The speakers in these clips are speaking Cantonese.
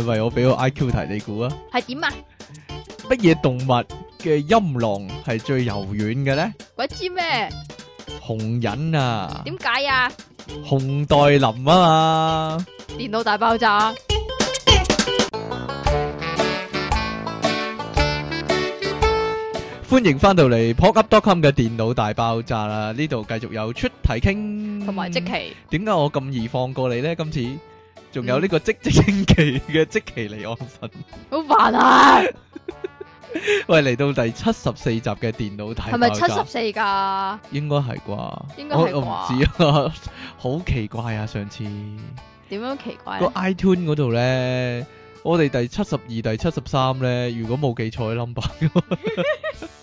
係為我俾個 I Q 題你估啊？係點啊？乜嘢動物嘅音浪係最柔軟嘅咧？鬼知咩？紅人啊？點解啊？熊黛林啊嘛？電腦大爆炸！歡迎翻到嚟 popup.com 嘅電腦大爆炸啦！呢度繼續有出體 king 同埋積淇。點解我咁易放過你咧？今次？仲有呢個積積積淇嘅積淇離岸神，好煩啊！ 喂，嚟到第七十四集嘅電腦大爆炸，係咪七十四噶？應該係啩？應該係？我唔知啊， 好奇怪啊！上次點樣奇怪？個 iTune 嗰度咧，我哋第七十二、第七十三咧，如果冇記錯 number。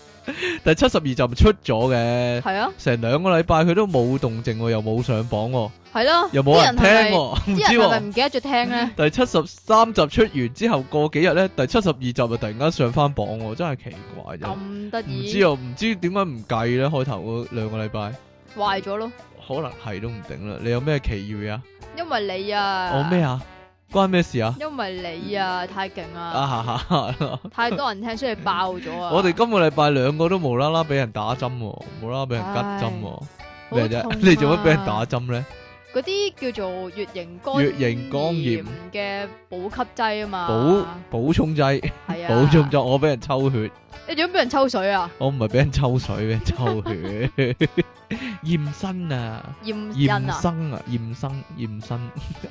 第七十二集出咗嘅，係啊，成兩個禮拜佢都冇動靜，啊，又冇上榜，啊，係咯，啊，又冇人聽，啊，唔 知係咪唔記得住聽咧。第七十三集出完之後，過幾日咧，第七十二集就突然間上翻榜，啊，真係奇怪，咁得意，唔知啊，唔知點解唔計咧，開頭嗰兩個禮拜壞咗咯，可能係都唔定啦。你有咩奇遇啊？因為你啊，我咩啊？關咩事啊？因為你啊，嗯、太勁啊，啊，哈哈太多人聽出嚟爆咗啊！ 我哋今個禮拜兩個都無啦啦俾人打針、啊，無啦啦俾人吉針、啊，咩啫唉？你做乜俾人打針咧？嗰啲叫做乙型肝炎嘅補給劑啊嘛，補補充劑，補充咗我俾人抽血，你做咩俾人抽水啊？我唔係俾人抽水，俾人抽血驗身啊，驗驗身啊，驗身驗身，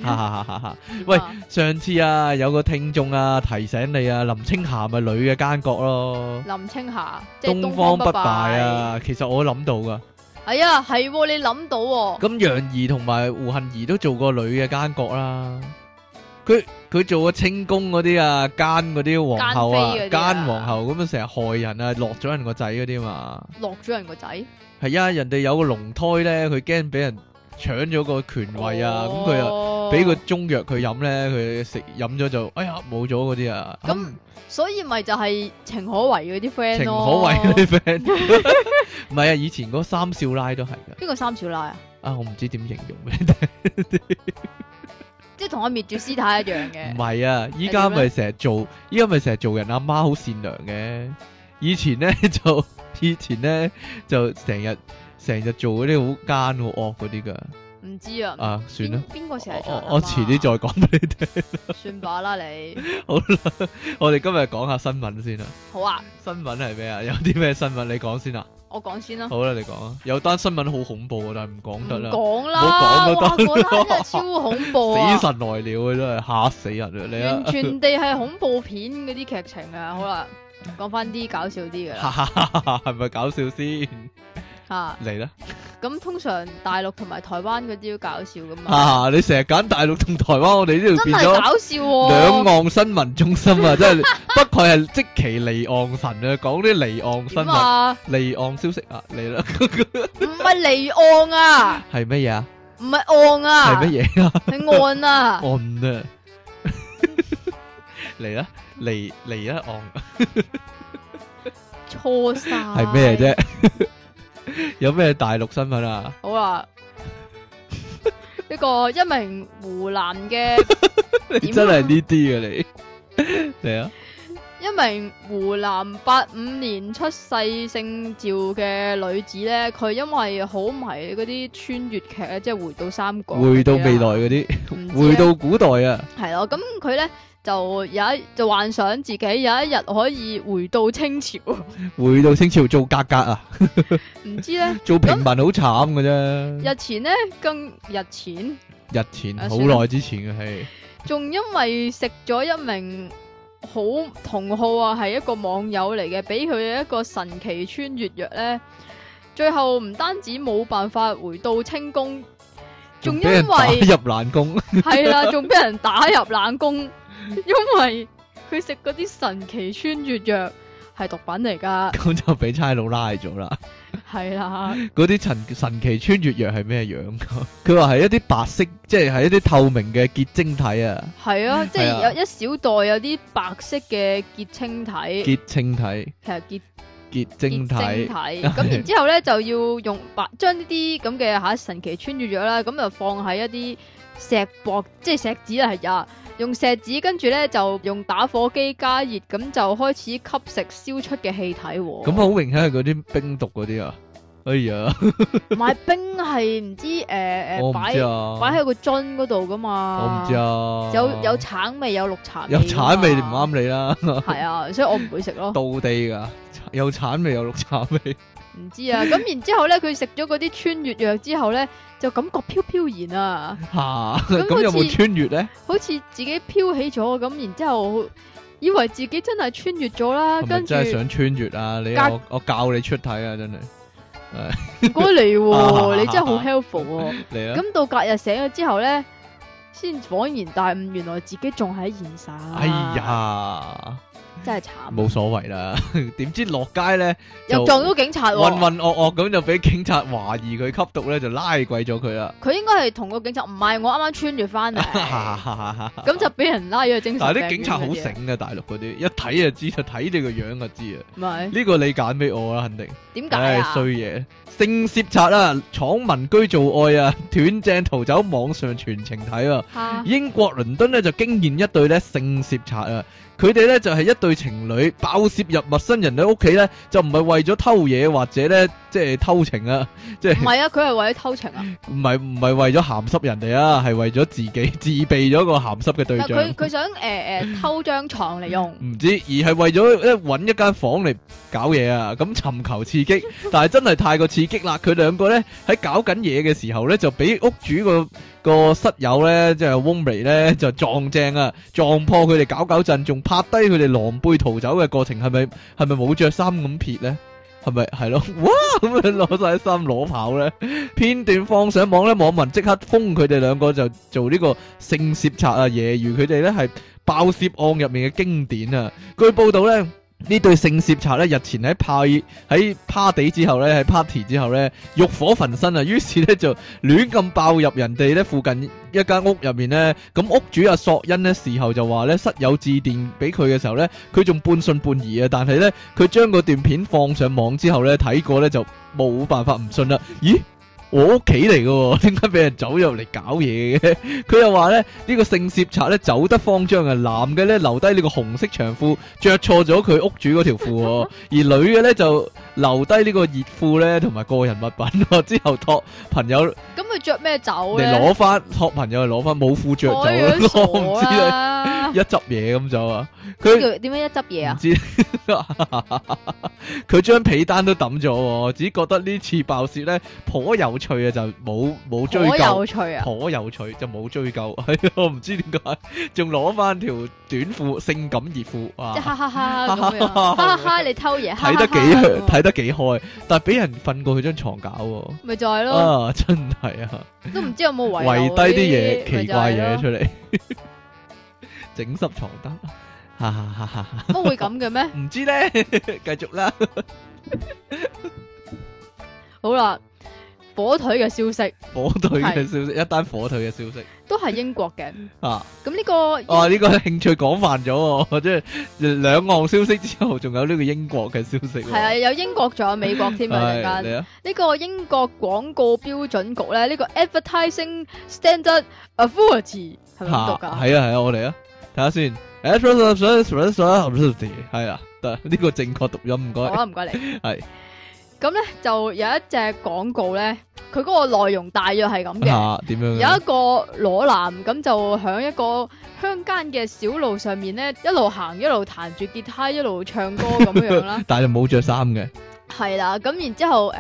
哈哈哈！喂，上次啊，有個聽眾啊提醒你啊，林青霞咪女嘅奸角咯，林青霞東方不敗啊，其實我諗到噶。係啊，係、哎哦、你諗到、哦。咁楊怡同埋胡杏兒都做過女嘅奸角啦。佢佢做過清宮嗰啲啊，奸嗰啲皇后啊，奸，啊奸皇后咁樣，成日害人啊，落咗人個仔嗰啲嘛。落咗人個仔。係啊，人哋有個龍胎咧，佢驚俾人搶咗個權位啊，咁佢又。俾個中藥佢飲咧，佢食飲咗就哎呀冇咗嗰啲啊！咁那、嗯、所以咪就係程可為嗰啲 friend 程可為嗰啲 friend。唔係 啊，以前嗰三少奶都係噶。邊個三少奶啊？啊，我唔知點形容咩， 即係同阿滅絕師太一樣嘅。唔係 啊，依家咪成日做，依家咪成日做人阿媽好善良嘅。以前咧就，以前咧就成日成日做嗰啲好奸好惡嗰啲噶。唔知啊，啊，算啦。邊個成日坐？我遲啲再講俾你聽。算罷啦，你。好啦，我哋今日講下新聞先啦。好啊。新聞係咩啊？有啲咩新聞？你講先啦。我講先啦。好啦，你講啊。有單新聞好恐怖，啊，但係唔講得啦。講啦，我講嗰單。哇，嗰單真係超恐怖、啊、 死神來了，佢真係嚇死人啊！你完全地係恐怖片嗰啲劇情啊！ 好啦，講翻啲搞笑啲嘅啦。係咪 搞笑先？吓嚟啦！咁通常大陸同埋台灣嗰啲都搞笑噶嘛？啊，你成日揀大陸同台灣，我哋呢度變咗搞笑兩岸新聞中心啊！真係不愧係積淇離岸神啊，講啲離岸新聞、離岸消息啊！嚟啦！唔係離岸啊？係乜嘢啊？唔係岸啊？係乜嘢啊？係岸啊？岸啊！嚟啦！嚟嚟啦！岸錯晒係咩啫？有咩大陸新聞啊？好啊，一 個一名湖南嘅，真係呢啲嘅你，咩啊？ 啊 啊一名湖南八五年出世，姓趙嘅女子咧，佢因為好迷嗰啲穿越劇咧，即係回到三國、回到未來嗰啲、啊、回到古代啊，係咯、嗯，咁佢咧。就有一就幻想自己有一日可以回到清朝，回到清朝做格格啊？唔知咧，做平民好慘嘅啫。日前咧，更日前，日前好耐之前嘅戲，仲因為食咗一名好同好啊，係一個網友嚟嘅，俾佢一個神奇穿越藥咧，最後唔單止冇辦法回到清宮，仲因為入冷宮，係啦，仲俾人打入冷宮。因為佢食嗰啲神奇穿越藥係毒品嚟噶，咁 就俾差佬拉咗啦。係啦，嗰啲神神奇穿越藥係咩樣？佢話係一啲白色，即係係一啲透明嘅結晶體啊。係啊，即係有一小袋有啲白色嘅結晶體。結晶體，結晶體，係呀結結晶體。咁然之後咧 就要用白將呢啲咁嘅吓神奇穿越藥啦，咁就放喺一啲。錫箔即係錫紙啊，用錫紙跟住咧就用打火機加熱，咁就開始吸食燒出嘅氣體、哦。咁好明顯係嗰啲冰毒嗰啲啊！哎呀， 買冰係唔知誒誒，擺、呃、喺、啊、個樽嗰度噶嘛？我唔知啊。有有橙味有綠茶味。有橙味唔啱你啦。係啊，所以我唔會食咯。到地噶，有橙味有綠茶味。唔知啊，咁然後呢之後咧，佢食咗嗰啲穿越藥之後咧，就感覺飄飄然啊。吓、啊，咁有冇穿越咧？好似自己飄起咗，咁然之後以為自己真係穿越咗啦。跟住真係想穿越啊！你我隔我教你出體啊！真係，誒，唔該你、啊，你真係好 helpful。啊。咁 吧到隔日醒咗之後咧，先恍然大悟，原來自己仲喺現實。哎呀！真係慘、啊，冇所謂啦。點知落街咧又撞到警察、哦，混混惡惡咁就俾警察懷疑佢吸毒咧，就拉鬼咗佢啦。佢應該係同個警察唔係我啱啱穿住翻嚟，咁 就俾人拉咗個精神病，但係啲警察好醒嘅， 大陸嗰啲一睇就知，就知，就睇你個樣就知啊。咪呢是個你揀俾我啦，肯定。點解、哎、啊？衰嘢，性涉賊啊，闖民居做愛啊，斷正逃走網上全程睇啊！哈英國倫敦咧就驚現一對咧性涉賊啊！佢哋咧就係、是、一對情侶，爆竊入陌生人喺屋企咧，就唔係為咗偷嘢，或者咧，即係偷情啊！即係唔係啊！佢係為咗偷情啊！唔係唔係為咗鹹濕人哋啊，係為咗自己自備咗個鹹濕嘅對象。佢佢想誒誒、呃、偷張床嚟用，唔 知而係為咗一搵一間房嚟搞嘢啊！咁尋求刺激，但係真係太過刺激啦！佢兩 個咧喺搞緊嘢嘅時候咧，就俾屋主個。個室友咧，即係翁眉咧，就撞正啊，撞破佢哋搞搞震，仲拍低佢哋狼狽逃走嘅過程，係咪係咪冇着衫咁撇咧？係咪係咯？哇！咁樣攞晒衫攞跑咧，片段放上網咧，網民即刻封佢哋兩個就做呢個性竊賊啊！夜遇佢哋咧係爆竊案入面嘅經典啊！據報道咧。呢對性涉查咧，日前喺派喺 party 之後咧，喺 party 之後咧，欲火焚身啊！於是咧就亂咁爆入人哋咧附近一間屋入面咧。咁屋主阿、啊、索恩呢，事後就話咧，室友致電俾佢嘅時候咧，佢仲半信半疑啊。但係咧，佢將嗰段片放上網之後咧，睇過咧就冇辦法唔信啦。咦？我屋企嚟㗎，點解俾人走入嚟搞嘢嘅？佢又話咧呢個性涉賊咧走得慌張啊！男嘅咧留低呢個紅色長褲，着錯咗佢屋主嗰條褲；而女嘅咧就留低呢個熱褲咧同埋個人物品，之後託朋友。咁佢着咩走？你攞翻託朋友嚟攞翻冇褲着走咯。我唔知啊，一執嘢咁走啊！佢點解一執嘢啊？唔知。佢將被單都抌咗，只覺得呢次爆竊咧頗有。有趣啊，就冇冇追究。好有趣啊，好有趣，就冇追究。我唔知點解，仲攞翻條短褲，性感熱褲。哇！即係哈哈哈，哈哈哈，你偷嘢，睇得幾睇得幾開，但係俾人瞓過去張床架喎。咪就係咯，真係啊！都唔知有冇遺遺低啲嘢，奇怪嘢出嚟，整濕床單，哈哈哈！哈，會咁嘅咩？唔知咧，繼續啦。好啦。火腿嘅消息，火腿嘅消息，是一單火腿嘅消息，都係英國嘅。 啊，咁呢個哦呢個興趣廣泛咗喎，即係兩岸消息之後，仲有呢個英國嘅消息。係啊，有英國，仲有美國添啊。呢、 啊、個英國廣告標準局咧，呢、這個 Advertising Standards Authority 係咪讀噶？係啊係啊，啊，我哋 啊，睇下先 a 係啊，得呢個正確讀音，唔該。好啊，唔該你。係。 咁咧就有一隻廣告咧，佢嗰個內容大約係咁嘅，啊、點樣有一個裸男咁就喺一個鄉間嘅小路上面咧，一路行一路彈住吉他一路唱歌咁 樣啦。 但係冇着衫嘅。係啦，咁然之後誒，佢、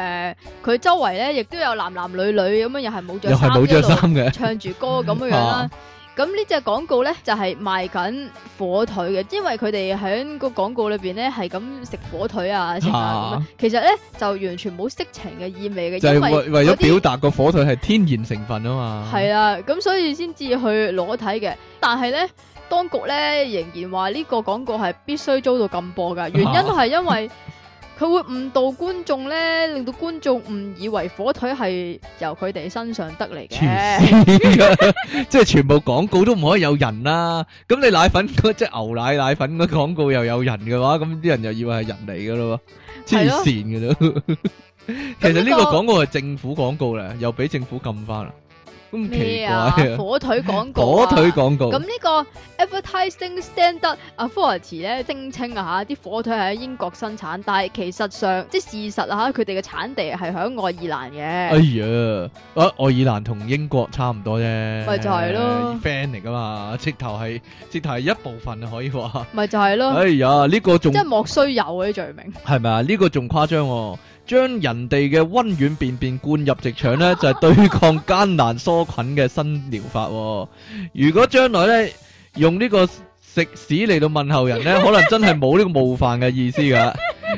呃、周圍咧亦都有男男女女咁樣，又係冇著，又係冇著衫嘅，唱住歌咁樣啦。咁呢隻廣告呢，就係、是、賣緊火腿嘅，因為佢哋喺個廣告裏邊呢，係咁食火腿啊，食啊咁、啊、其實呢，就完全冇色情嘅意味嘅，就係為咗表達個火腿係天然成分啊嘛。係啊，咁所以先至去裸體嘅。但係呢，當局呢，仍然話呢個廣告係必須遭到禁播㗎，原因係因為。啊 佢會誤導觀眾咧，令到觀眾誤以為火腿係由佢哋身上得嚟嘅，黐線㗎、 即係全部廣告都唔可以有人啦、啊。咁你奶粉即係牛奶奶粉嗰廣告又有人嘅話，咁啲人又以為係人嚟嘅咯，黐線嘅啫。的 其實呢個廣告係政府廣告咧，又俾政府禁翻啦。咩啊？火腿廣告、啊， 火腿廣告。咁呢個 Advertising Standard Authority 咧聲稱啊嚇，啲火腿係喺英國生產，但係其實上即係事實啊嚇，佢哋嘅產地係響愛爾蘭嘅。哎呀，啊愛爾蘭同英國差唔多啫。咪就係咯，friend 嚟噶嘛，直頭係直頭係一部分啊，可以話。咪就係咯。哎呀，呢、呢個仲即係莫須有嗰、啊、啲罪名。係咪、呢個、啊？呢個仲誇張。將人哋嘅溫軟便便灌入直腸呢就係、是、對抗艱難梭菌嘅新療法、哦。如果將來呢，用呢個食屎嚟到問候人呢，可能真係冇呢個冒犯嘅意思㗎。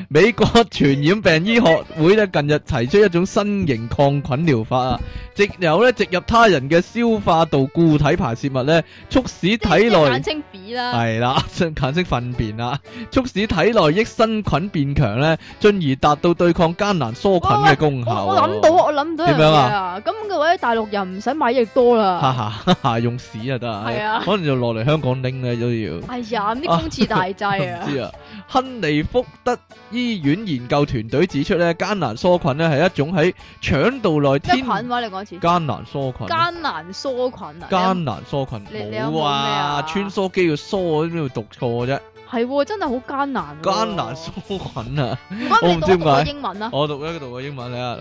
美國傳染病醫學會咧近日提出一種新型抗菌療法啊，藉由咧植入他人嘅消化道固體排泄物咧，促使體內簡稱 B 啦，係啦，簡稱糞便啦，促使體內益生菌變強咧，進而達到對抗艱難梭菌嘅功效啊。我諗到，我諗到，我諗到樣嘢啊，咁各位大陸人唔使買益多啦，哈哈，用屎啊得啊，可能就落嚟香港拎咧都要。哎呀，啲公廁大劑 啊！亨利福德醫院研究團隊指出咧，艱難梭菌咧係一種喺腸道內天菌、啊、艱難梭菌艱難梭菌、啊、艱難梭菌冇啊，穿梭機要梭喺邊度讀錯啫？係、哦、真係好艱難啊！艱難梭菌啊！ 我唔知點講個、啊、英文啊！我讀一個讀英文你啊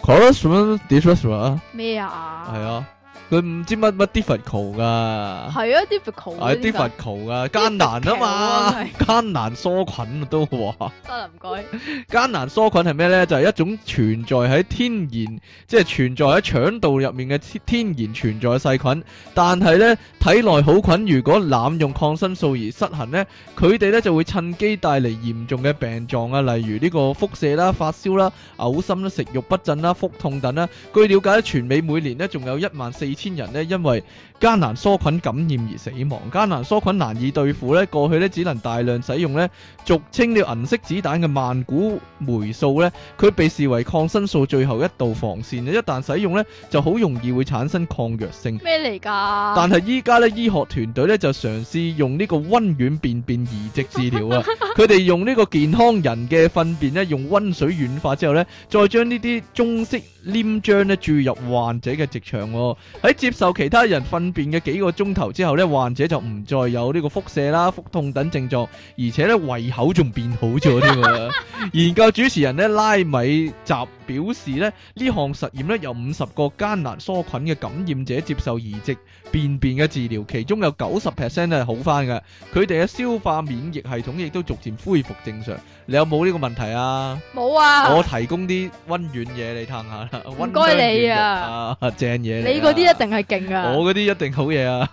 嗱 c o o s s d y r i 咩啊？係啊！佢唔知乜乜 difficult 噶，係啊、哎、difficult，係 difficult 噶，這個、艱難啊嘛，艱難疏菌都話，得啦唔該。艱難疏菌係咩咧？就係、是、一種存在喺天然，即、就、係、是、存在喺腸道入面嘅天然存在嘅細菌。但係咧，體內好菌如果濫用抗生素而失衡咧，佢哋咧就會趁機帶嚟嚴重嘅病狀啊，例如呢個腹瀉啦、發燒啦、嘔心啦、食欲不振啦、腹痛等啦。據了解全美每年咧仲有一萬四幾千人咧，因為艱難梭菌感染而死亡。艱難梭菌難以對付呢過去咧只能大量使用咧，俗稱叫銀色子彈嘅萬古黴素呢佢被視為抗生素最後一道防線。一旦使用呢，就好容易會產生抗藥性。咩嚟㗎？但係依家呢醫學團隊呢，就嘗試用呢個温軟便便移植治療啊。佢哋 用呢個健康人嘅糞便呢用温水軟化之後呢，再將呢啲中式黏漿呢注入患者嘅直腸喎。喺接受其他人瞓。變嘅幾個鐘頭之後呢，患者就唔再有呢個腹瀉啦、腹痛等症狀，而且呢胃口仲變好咗添。 研究主持人呢拉米集表示呢呢項實驗呢有五十個艱難梭菌嘅感染者接受移植便便嘅治療，其中有九十 percent 係好翻嘅，佢哋嘅消化免疫系統亦都逐漸恢復正常。你有冇呢個問題啊？冇啊！我提供啲溫暖嘢你嘆下啦，唔該你啊， 正嘢西。你嗰啲一定係勁啊！我嗰啲一。定好嘢啊，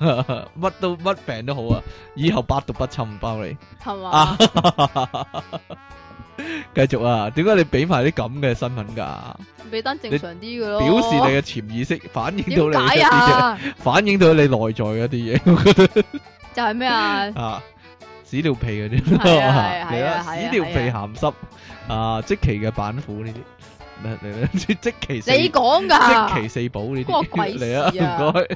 乜都乜病都好啊，以後百毒不侵唔包你。係嘛？繼續啊，點解你俾埋啲咁嘅新聞噶？俾單正常啲嘅咯，表示你嘅潛意識反映到你一啲嘢，反映到你內在嗰啲嘢。就係咩啊？啊，屎尿屁嗰啲，係啊，屎尿屁鹹濕啊，積淇嘅板斧呢啲，嚟嚟嚟，積淇，你講噶？積淇四寶呢啲，嚟啊，唔該。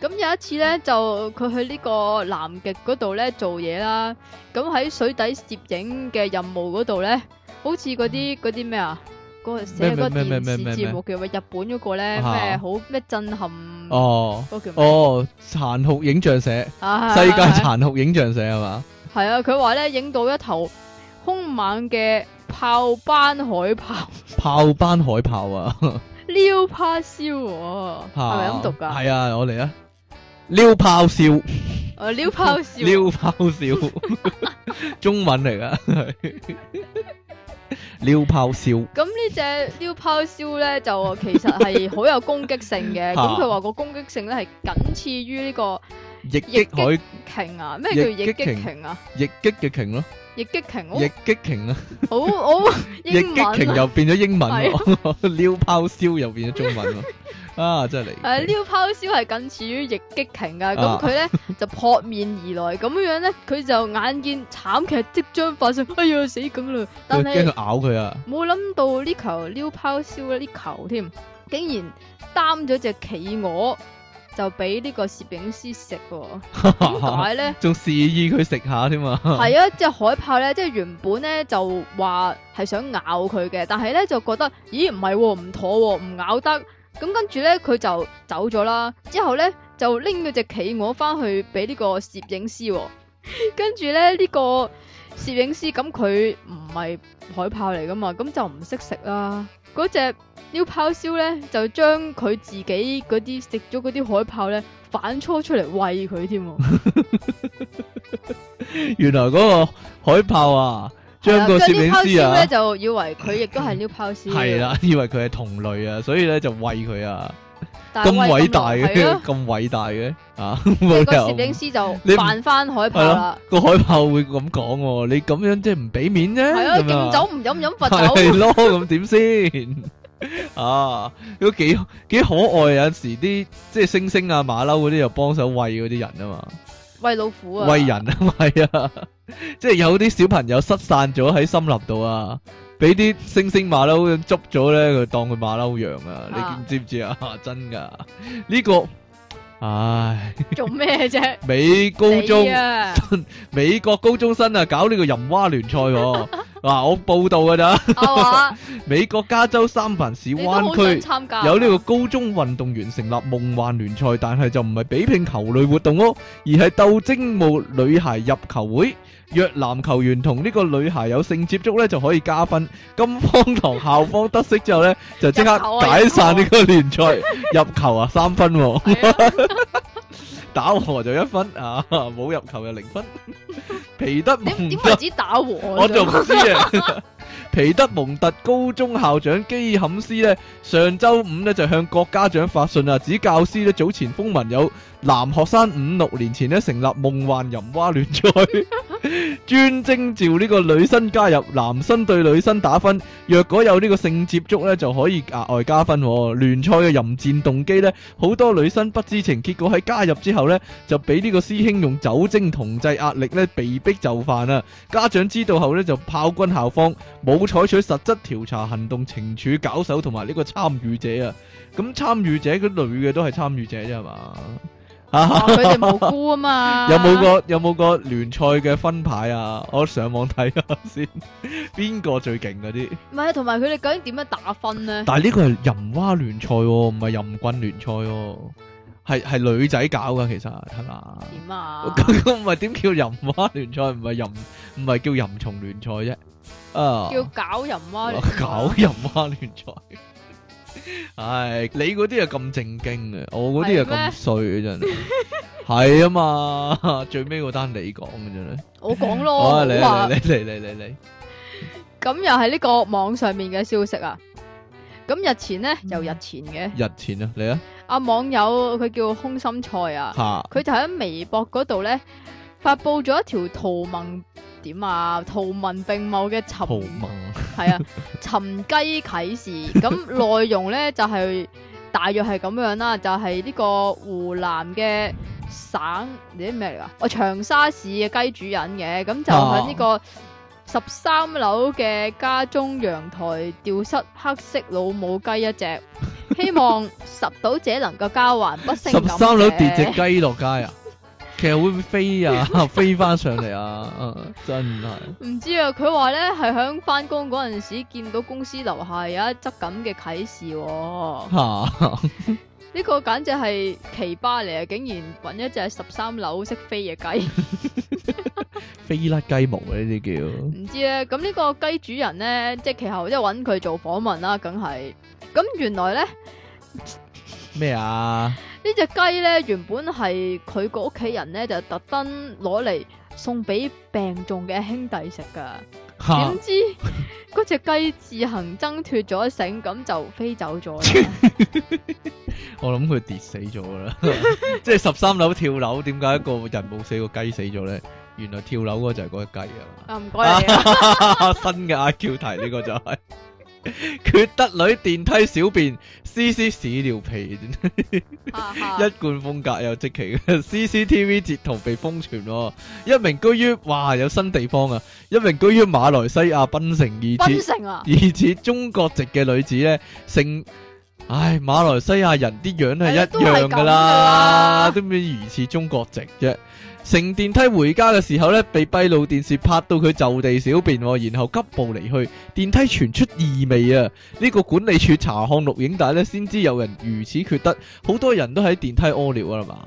咁有一次咧，就佢去呢個南極嗰度咧做嘢啦。咁喺水底攝影嘅任務嗰度咧，好似嗰啲啲咩啊，嗰、嗰個寫嗰電視節目叫乜？日本嗰個咧咩好咩震撼？哦，嗰叫哦殘酷影像社，世界殘酷影像社係嘛？係啊，佢話咧影到一頭兇猛嘅炮班海豹，炮班海豹啊，溜怕燒，係咪咁讀噶？係啊，我嚟啊！撩炮笑，哦撩炮笑，撩炮笑，中文嚟噶，撩炮笑。咁呢隻撩炮笑咧，就其實係好有攻擊性嘅。咁佢話個攻擊性咧，係僅次於呢個。逆擊。逆擊。瓊啊？咩叫逆擊瓊啊？逆擊嘅瓊咯。逆擊瓊。逆擊瓊啊！好，好。逆擊瓊又變咗英文咯。撩炮笑又變咗中文。啊！真係離奇！撩炮、呃、燒係近似於易激情噶，咁佢咧就撲面而來咁樣咧，佢就眼見慘劇即將發生，哎呀死咁啦！但係驚佢咬佢啊！冇諗到呢球撩炮燒呢球添竟然擔咗隻企鵝就俾呢個攝影師食喎，點解咧？仲 示意佢食下添嘛？係啊！隻海豹咧，即係原本咧就話係想咬佢嘅，但係咧就覺得咦唔係喎，唔妥喎，唔咬得。咁跟住咧，佢就走咗啦。之後咧就拎嗰隻企鵝翻去俾、哦、 呢、呢個攝影師。跟住咧呢個攝影師，咁佢唔係海豹嚟噶嘛，咁就唔識食啦。嗰隻 new 拋燒咧就將佢自己嗰啲食咗嗰啲海豹咧反搓出嚟餵佢添。 原來嗰個海豹啊！將個攝影師咧就以為佢亦都係鳥拋屍，係啦，以為佢係同類啊，所以咧就喂佢啊，咁偉大嘅，咁偉大嘅啊，個攝影師就扮翻海豹啦，個海豹會咁講，你咁樣即係唔俾面啫，敬酒唔飲飲罰酒，係咯，咁點先啊？都幾幾可愛啊！有時啲即係星星啊、馬騮嗰啲又幫手喂嗰啲人啊嘛，喂老虎啊，喂人啊，係啊。即係有啲小朋友失散咗喺森林度啊，俾啲星星馬騮捉咗咧，佢當佢馬騮羊啊，你知唔知啊？真噶呢個，唉，做咩啫？美高中，美國高中生啊，搞呢個淫蛙聯賽，嗱，我報道噶咋？美國加州三藩市灣區有呢個高中運動員成立夢幻聯賽，但係就唔係比拼球類活動哦，而係鬥精武女孩入球會。若男球員同呢個女孩有性接觸咧，就可以加分。金方堂校方得悉之後咧，就即刻解散呢個聯賽、 啊。入球啊，三分、啊， 打和就一分啊，冇入球就零分。 皮德蒙就，點唔知打和？我唔知啊。 皮德蒙特高中校長基爾坎斯呢，上周五呢就向各家長發信啊，指教師呢早前封文有。男學生五六年前咧成立夢幻淫蛙聯賽，專徵召呢個女生加入，男生對女生打分，若果有呢個性接觸咧就可以額外加分哦。聯賽嘅淫戰動機咧，好多女生不知情，結果喺加入之後呢就俾呢個師兄用酒精同制壓力咧被逼就範啊！家長知道後呢，就炮轟校方，冇採取實質調查行動懲處搞手同埋呢個參與者啊！咁參與者嗰女嘅都係參與者啫係嘛？啊！佢哋冇辜啊嘛！ 有冇個有冇個聯賽嘅分牌啊？我上網睇下先， 邊個最勁嗰啲？唔係啊，同埋佢哋究竟點樣打分咧？但係呢個係淫蛙聯賽喎，唔係淫棍聯賽喎，係係女仔搞噶，其實係嘛？點啊？咁唔係點叫淫蛙聯賽？唔係淫唔係叫淫蟲聯賽啫？啊！叫搞淫蛙聯賽搞淫蛙聯賽。 唉，你嗰啲又咁正經嘅，我嗰啲又咁衰，真係係啊嘛，最尾嗰單你講嘅真係我講咯，嚟嚟嚟嚟嚟嚟，咁又係呢個網上面嘅消息啊。咁日前咧，又、嗯、日前嘅日前啊，你啊，阿網友佢叫空心菜啊，佢哈就喺微博嗰度咧發布咗一條圖文。點啊！圖文並茂嘅尋系啊，尋雞啟事。咁內容咧就係、是、大約係咁樣啦，就係、是、呢個湖南嘅省，你啲咩嚟噶？哦、啊，長沙市嘅雞主人嘅，咁就喺呢個十三樓嘅家中陽台吊失黑色老母雞一隻，希望拾到者能夠交還不勝。十三樓跌隻雞落街啊！其實會唔會飛啊？飛翻上嚟啊， 啊！真係唔知啊！佢話咧係響翻工嗰陣時見到公司樓下有一則咁嘅啟示，啊，吓呢 個簡直係奇葩嚟啊！竟然搵一隻十三樓識飛嘅雞， 飛甩雞毛呢、啊、啲叫、啊？唔知咧，咁呢個雞主人咧，即、就、係、是、其後即係搵佢做訪問啦，啊，梗係咁原來咧。咩啊？呢隻雞咧，原本係佢個屋企人咧，就特登攞嚟送俾病重嘅兄弟食噶，點知嗰隻雞自行掙脫咗繩，咁就飛走咗。我諗佢跌死咗啦，即係十三樓跳樓，點解一個人冇死個雞死咗咧？原來跳樓嗰就係嗰隻雞啊嘛？啊唔該，新嘅阿 Q 題呢個就係。缺德女電梯小便。C C 屎尿屁。 一貫風格又即奇 C C T V 截圖被瘋傳，哦。一名居於哇有新地方啊，一名居於馬來西亞檳城而此，而此、啊、中國籍嘅女子咧，姓唉馬來西亞人啲樣係一樣噶、哎、啦，都唔知如此中國籍啫。乘電梯回家嘅時候呢，被閉路電視拍到佢就地小便、哦，然後急步離去。電梯傳出異味啊！呢、呢個管理處查看錄影帶呢，先知有人如此缺德。好多人都喺電梯屙尿啊嘛！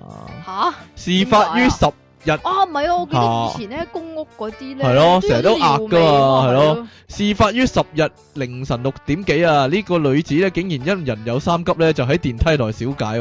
嚇哈，事發於十。日啊，唔係啊！我記得以前咧，公屋嗰啲咧，成日都壓噶，係咯。事發於十日凌晨六點幾啊！呢個女子咧，竟然因人有三急咧，就喺電梯內小解。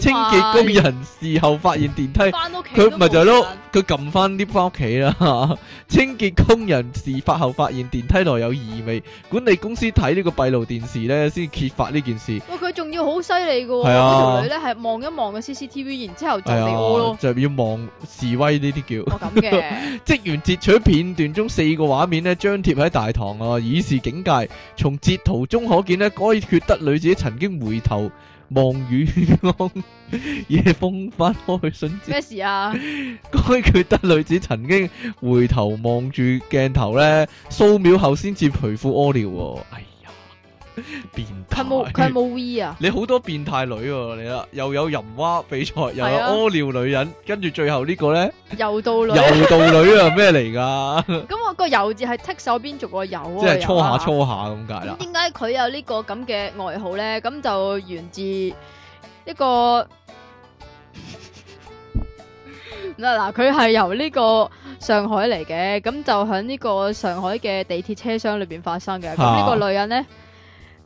清潔工人事後發現電梯，翻屋企，佢唔係就係咯，佢撳翻啲翻屋企啦。嚇！清潔工人事發後發現電梯內有異味，管理公司睇呢個閉路電視咧，先揭發呢件事。喂，佢仲要好犀利噶喎！嗰條女咧係望一望個 CCTV，然之後就離屋咯。就係要望視威。呢啲叫，職員、哦、 截取片段中四個畫面咧，張貼喺大堂哦、啊，以示警戒。從截圖中可見咧，該缺德女子曾經回頭望遠方， 夜風翻開信件。咩事啊？該缺德女子曾經回頭望住鏡頭咧，數秒後先至賠付屙尿、啊。哎變態佢冇佢冇 V 啊！你好多變態女喎，你啦，又有淫娃比賽，又有屙尿女人，跟住最後個呢個咧，又道女又道女啊，咩嚟噶？咁我個油字係剔手邊逐、啊、個油，即係搓下搓下咁解啦。咁點解佢有呢個咁嘅外號咧？咁就源自一、這個嗱嗱，佢 係 由呢個上海嚟嘅，咁就喺呢個上海嘅地鐵車廂裏邊發生嘅。咁呢、啊、個女人咧。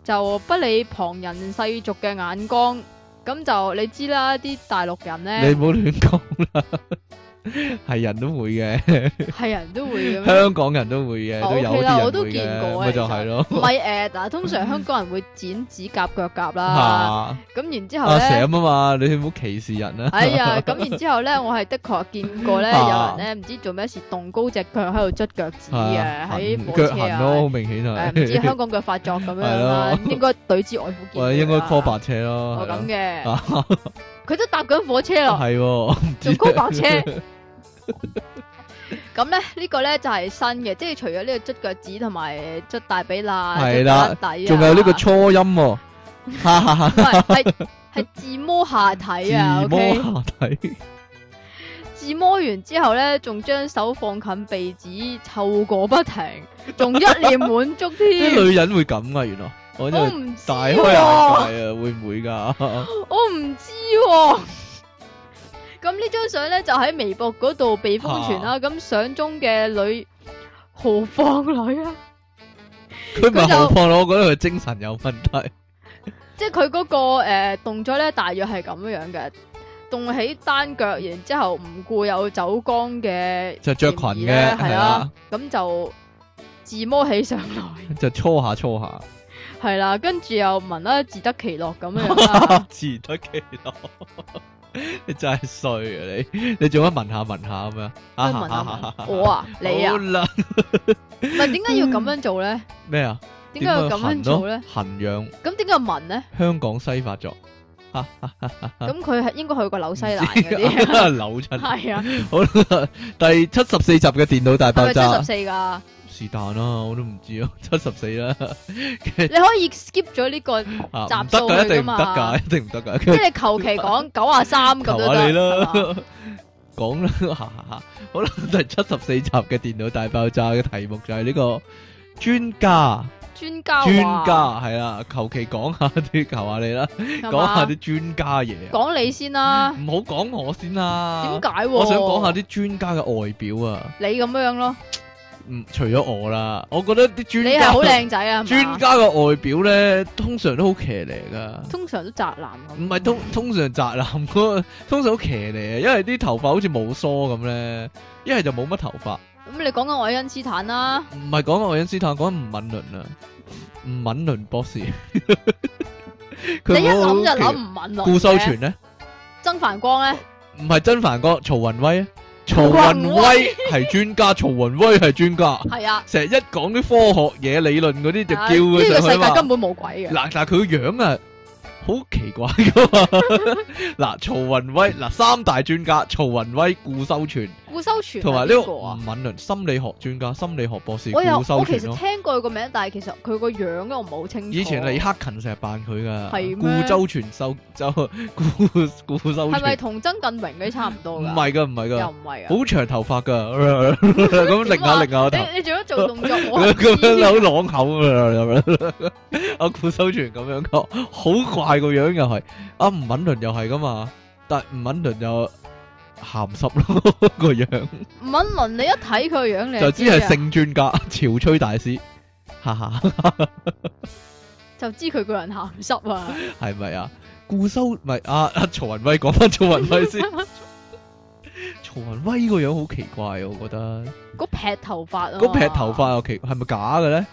就不理旁人世俗嘅眼光，咁就你知啦，啲大陸人呢，你唔好亂講喇。係人都會嘅，係人都會嘅。香港人都會嘅，好啦，我都見過，咪就係咯，唔係誒，但通常香港人會剪指甲腳甲啦，咁然之後咧，啊，成日噏嘛，你唔好歧視人啦。哎呀，咁然之後咧，我係的確見過咧，有人咧唔知做咩事，動高隻腳喺度捽腳趾啊，喺火車啊，好明顯啊，唔知香港腳發作咁樣啦，應該對趾外虎健啊，應該 call 白車咯，咁嘅，佢都搭緊火車啦，係，仲 call 白車。咁咧， 呢、這個咧就係新嘅，即係除咗呢個捽腳趾同埋捽大髀罅，啊，係啦的，仲、啊、有呢個初音、啊，唔係係自摸下體啊，OK，自摸下體，Okay? 自摸完之後咧，仲將手放近鼻子嗅過不停，仲一臉滿足添，啲 女人會咁啊，原來我唔知，係啊，啊 會唔會噶？ 我唔知喎，啊。咁呢張相咧就喺微博嗰度被瘋傳啦，咁相、啊、中嘅女豪放女啊？佢咪豪放女？就我覺得佢精神有問題。即係佢嗰個誒、呃、動作咧，大約係咁樣嘅，動起單腳，然之後唔顧有走光嘅，就着裙嘅係啦，咁、啊啊、就自摸起上來，就搓下搓下，係啦、啊，跟住又聞啦，自得其樂咁樣 自得其樂。你真係衰啊！你你做乜聞下聞下咁樣？聞下我啊，你啊，唔係，點解要咁樣做咧？咩啊？點解要咁樣做咧？衡陽咁點解聞咧？香港西發作啊！咁佢係應該去過紐西蘭嘅，紐出係啊！好，第七十四集嘅電腦大爆炸，七十四噶。是但啊，我都唔知啊，七十四啦。你可以 skip 咗呢個集數得噶，一定唔得噶，一定唔得噶。即係求其講九啊三咁樣你啦，講啦，吓吓吓。好啦，第七十四集嘅《電腦大爆炸》嘅題目就係呢個專家，專家，專家係啦。求其講下啲，求下你啦，講下啲專家嘢。講你先啦，唔好講我先啦。點解？我想講下啲專家嘅外表啊。你咁樣咯。唔，除咗我啦，我覺得啲專你係好靚仔啊。專家個外表咧，通常都好騎呢噶，通常都宅男。唔係通通常宅男，通常好騎呢，因為啲頭髮好似冇梳咁咧，一係就冇乜頭髮。咁你講緊愛因斯坦啦，唔係講緊愛因斯坦，講緊吳敏倫啊？吳敏倫博士。 你一諗就諗吳敏倫嘅。顧秀全咧，曾凡光咧，唔係曾凡光，曹雲威。曹云威係專家，曹云威係專家，係啊，成日一講啲科學嘢、理論嗰啲就叫佢上去、啊這個、世界根本冇鬼嘅，嗱嗱，佢個樣啊！好奇怪噶嘛！嗱，曹雲威嗱三大專家，曹雲威、顧修全、顧修全，同埋呢個吳敏倫，心理學專家、心理學博士顧修全咯。我有我其實聽過佢個名，但係其實佢個樣我唔好清楚。以前李克勤成日扮佢噶，係咩？顧修全修就顧顧修全係咪同曾近榮嗰啲差唔多唔係噶，唔係噶，又唔係噶，好長頭髮噶咁，零下零我哋。你做咗做動作，咁樣扭朗口咁樣，阿顧修全咁樣講好怪。個樣又係，阿、啊、吳敏、敏倫又係噶嘛？但吳敏倫就咸濕咯個樣。吳敏倫你一睇佢個樣，你就知係聖專家、潮吹大師，哈哈、哈，就知佢個人咸濕啊？係咪啊？顧修，唔係阿曹云威講翻曹云威先。 曹云威個樣好奇怪，啊，我覺得。個劈頭髮啊！劈頭髮又奇，係咪假嘅咧？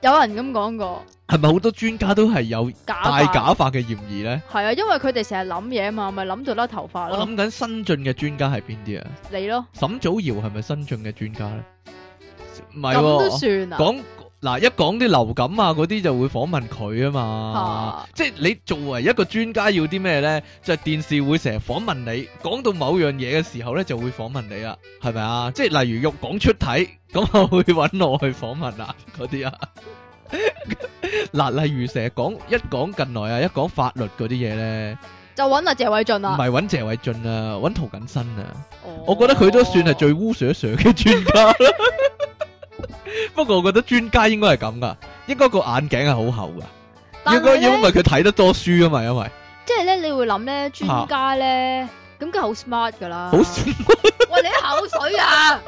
有人咁講過，係咪好多專家都係有戴假髮嘅嫌疑咧？係啊，因為佢哋成日諗嘢啊嘛，咪諗到甩頭髮咯。諗緊新晉嘅專家係邊啲啊？你咯，沈祖堯係咪新晉嘅專家咧？唔係，咁都算啊？講。嗱，一講啲流感啊嗰啲就會訪問佢啊嘛，啊即係你作為一個專家要啲咩呢？就是，電視會成日訪問你，講到某樣嘢嘅時候呢就會訪問你啦，係咪啊？即係例如欲講出體，咁會搵我去訪問啊嗰啲啊。嗱， 例如成日講一講近來啊，一講法律嗰啲嘢呢，就搵阿、啊、謝偉俊，俊啊，唔係搵謝偉俊啊，搵涂謹申啊。我覺得佢都算係最污水 i 嘅專家 不過我覺得專家應該係咁噶，應該個眼鏡係好厚噶，應該因為佢睇得多書啊嘛，因為即係咧，你會諗咧，專家咧，咁梗係好 smart 噶啦，好 smart 噶，喂你口水啊！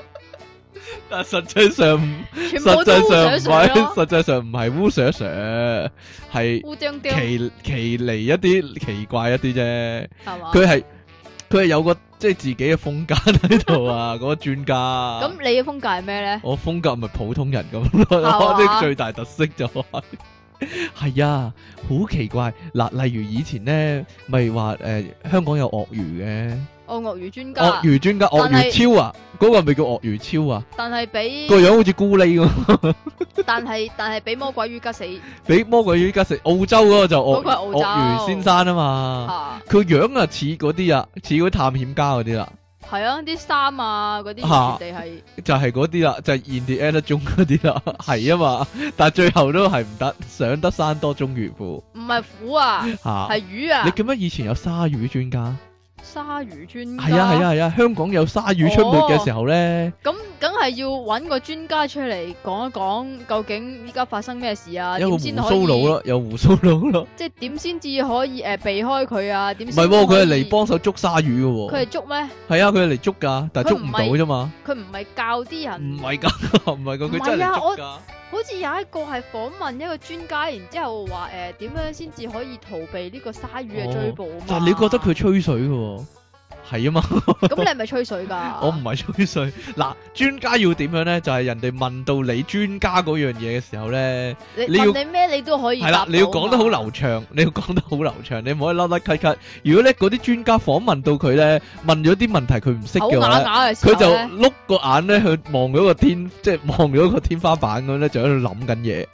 但實際上，實際上唔係，水 實際上唔係烏蛇蛇，係奇 奇離一啲奇怪一啲啫，係嘛吧？佢係佢係有個。即係自己嘅風格喺度啊！嗰 個專家啊，咁你嘅風格係咩咧？我風格咪普通人咁咯，我啲 最大特色就係 啊，好奇怪嗱！例如以前咧，咪話誒香港有鱷魚嘅。鱷魚專家，鱷魚專家，鱷是魚超啊！嗰、嗰個係咪叫鱷魚超啊？但係比個樣好似咕喱咁。但係但係比魔鬼魚拮死，比 魔鬼魚拮死，澳洲嗰個就鱷鱷魚先生啊嘛。佢樣啊似嗰啲啊，似嗰探險家嗰啲啦。係啊，啲衫啊，嗰啲係就係嗰啲啦，就係、是 in 啊 Indiana Jones 嗰啲啦，係啊嘛。但係最後都係唔得，上得山多終遇虎。唔係虎啊，係、啊、魚啊。你點解以前有鯊魚專家？鯊魚專家係啊係啊係啊！香港有鯊魚出沒嘅時候咧，咁梗係要揾個專家出嚟講一講究竟依家發生咩事啊？點先可以有鬍鬚佬啦？有鬍鬚佬咯，即係點先至可以誒避開佢啊？點唔係？佢係嚟幫手捉鯊魚嘅，佢係捉咩？係啊，佢係嚟捉噶，但係捉唔到啫嘛。佢唔係教啲人，唔係噶，唔係噶，佢真係捉噶。好似有一個係訪問一個專家，然之後話誒點樣先至可以逃避呢個鯊魚嘅追捕。但係你覺得佢吹水嘅？係啊嘛，咁 你係咪吹水噶？ 我唔係吹水。嗱，專家要點樣咧？就係、是、人哋問到你專家嗰樣嘢嘅時候咧，你，你要問你咩你都可以。係啦，你要講得好流暢， 你要講得好流暢，你唔可以甩甩咳咳。如果咧嗰啲專家訪問到佢咧，問咗啲問題佢唔識嘅佢就碌個眼咧去望咗個天，即係望咗個天花板咁咧，就喺度諗緊嘢。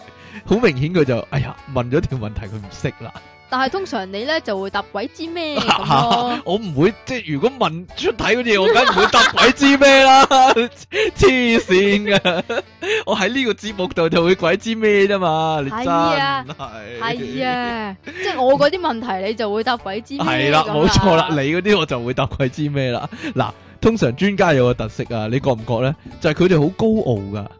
好明顯佢就哎呀，問咗條問題佢唔識啦。但係通常你咧就會答鬼知咩？啊、 我唔會即係如果問出體嗰啲嘢，我梗唔會答鬼知咩啦！黐線噶， 我喺呢個節目度就會鬼知咩啫嘛？你知啊，係啊，即係我嗰啲問題你就會答鬼知。係啦、 啊，冇錯、啊、啦，你嗰啲我就會答鬼知咩啦。嗱，通常專家有個特色啊，你覺唔覺咧？就係佢哋好高傲噶。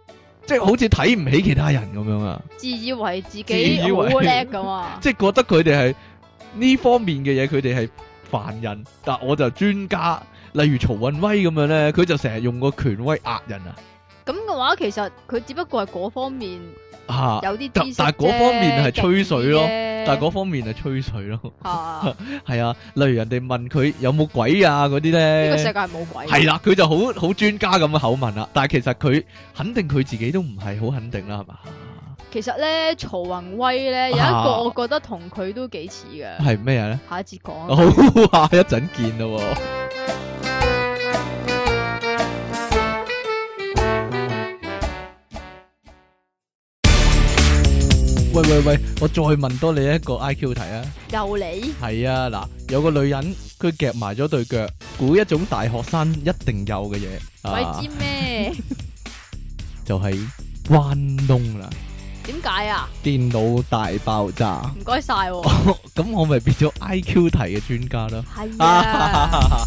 即係好似睇唔起其他人咁樣啊！自以為自己自以為好叻咁啊！ 即係覺得佢哋係呢方面嘅嘢，佢哋係凡人。但我就專家，例如曹韻威咁樣咧，佢就成日用個權威壓人啊！咁嘅話，其實佢只不過係嗰方面吓有啲知識、啊、但係嗰方面係吹水咯，但係嗰方面係吹水咯。吓係啊，例如人哋問佢有冇鬼啊嗰啲咧，呢個世界冇鬼，啊。係啦、啊，佢就好好專家咁嘅口吻啦。但係其實佢肯定佢自己都唔係好肯定啦，係嘛？其實咧，曹宏威咧有一個，我覺得同佢都幾似嘅。係咩咧？下一節講。好 一陣見咯。喂喂喂，我再問多你一個 IQ 題啊！又你係啊，嗱，有個女人佢夾埋咗對腳，估一種大學生一定有嘅嘢。你知咩？就係彎窿啦。點解啊？電腦大爆炸。唔該晒。咁我咪變咗 IQ 題嘅專家咯。係啊。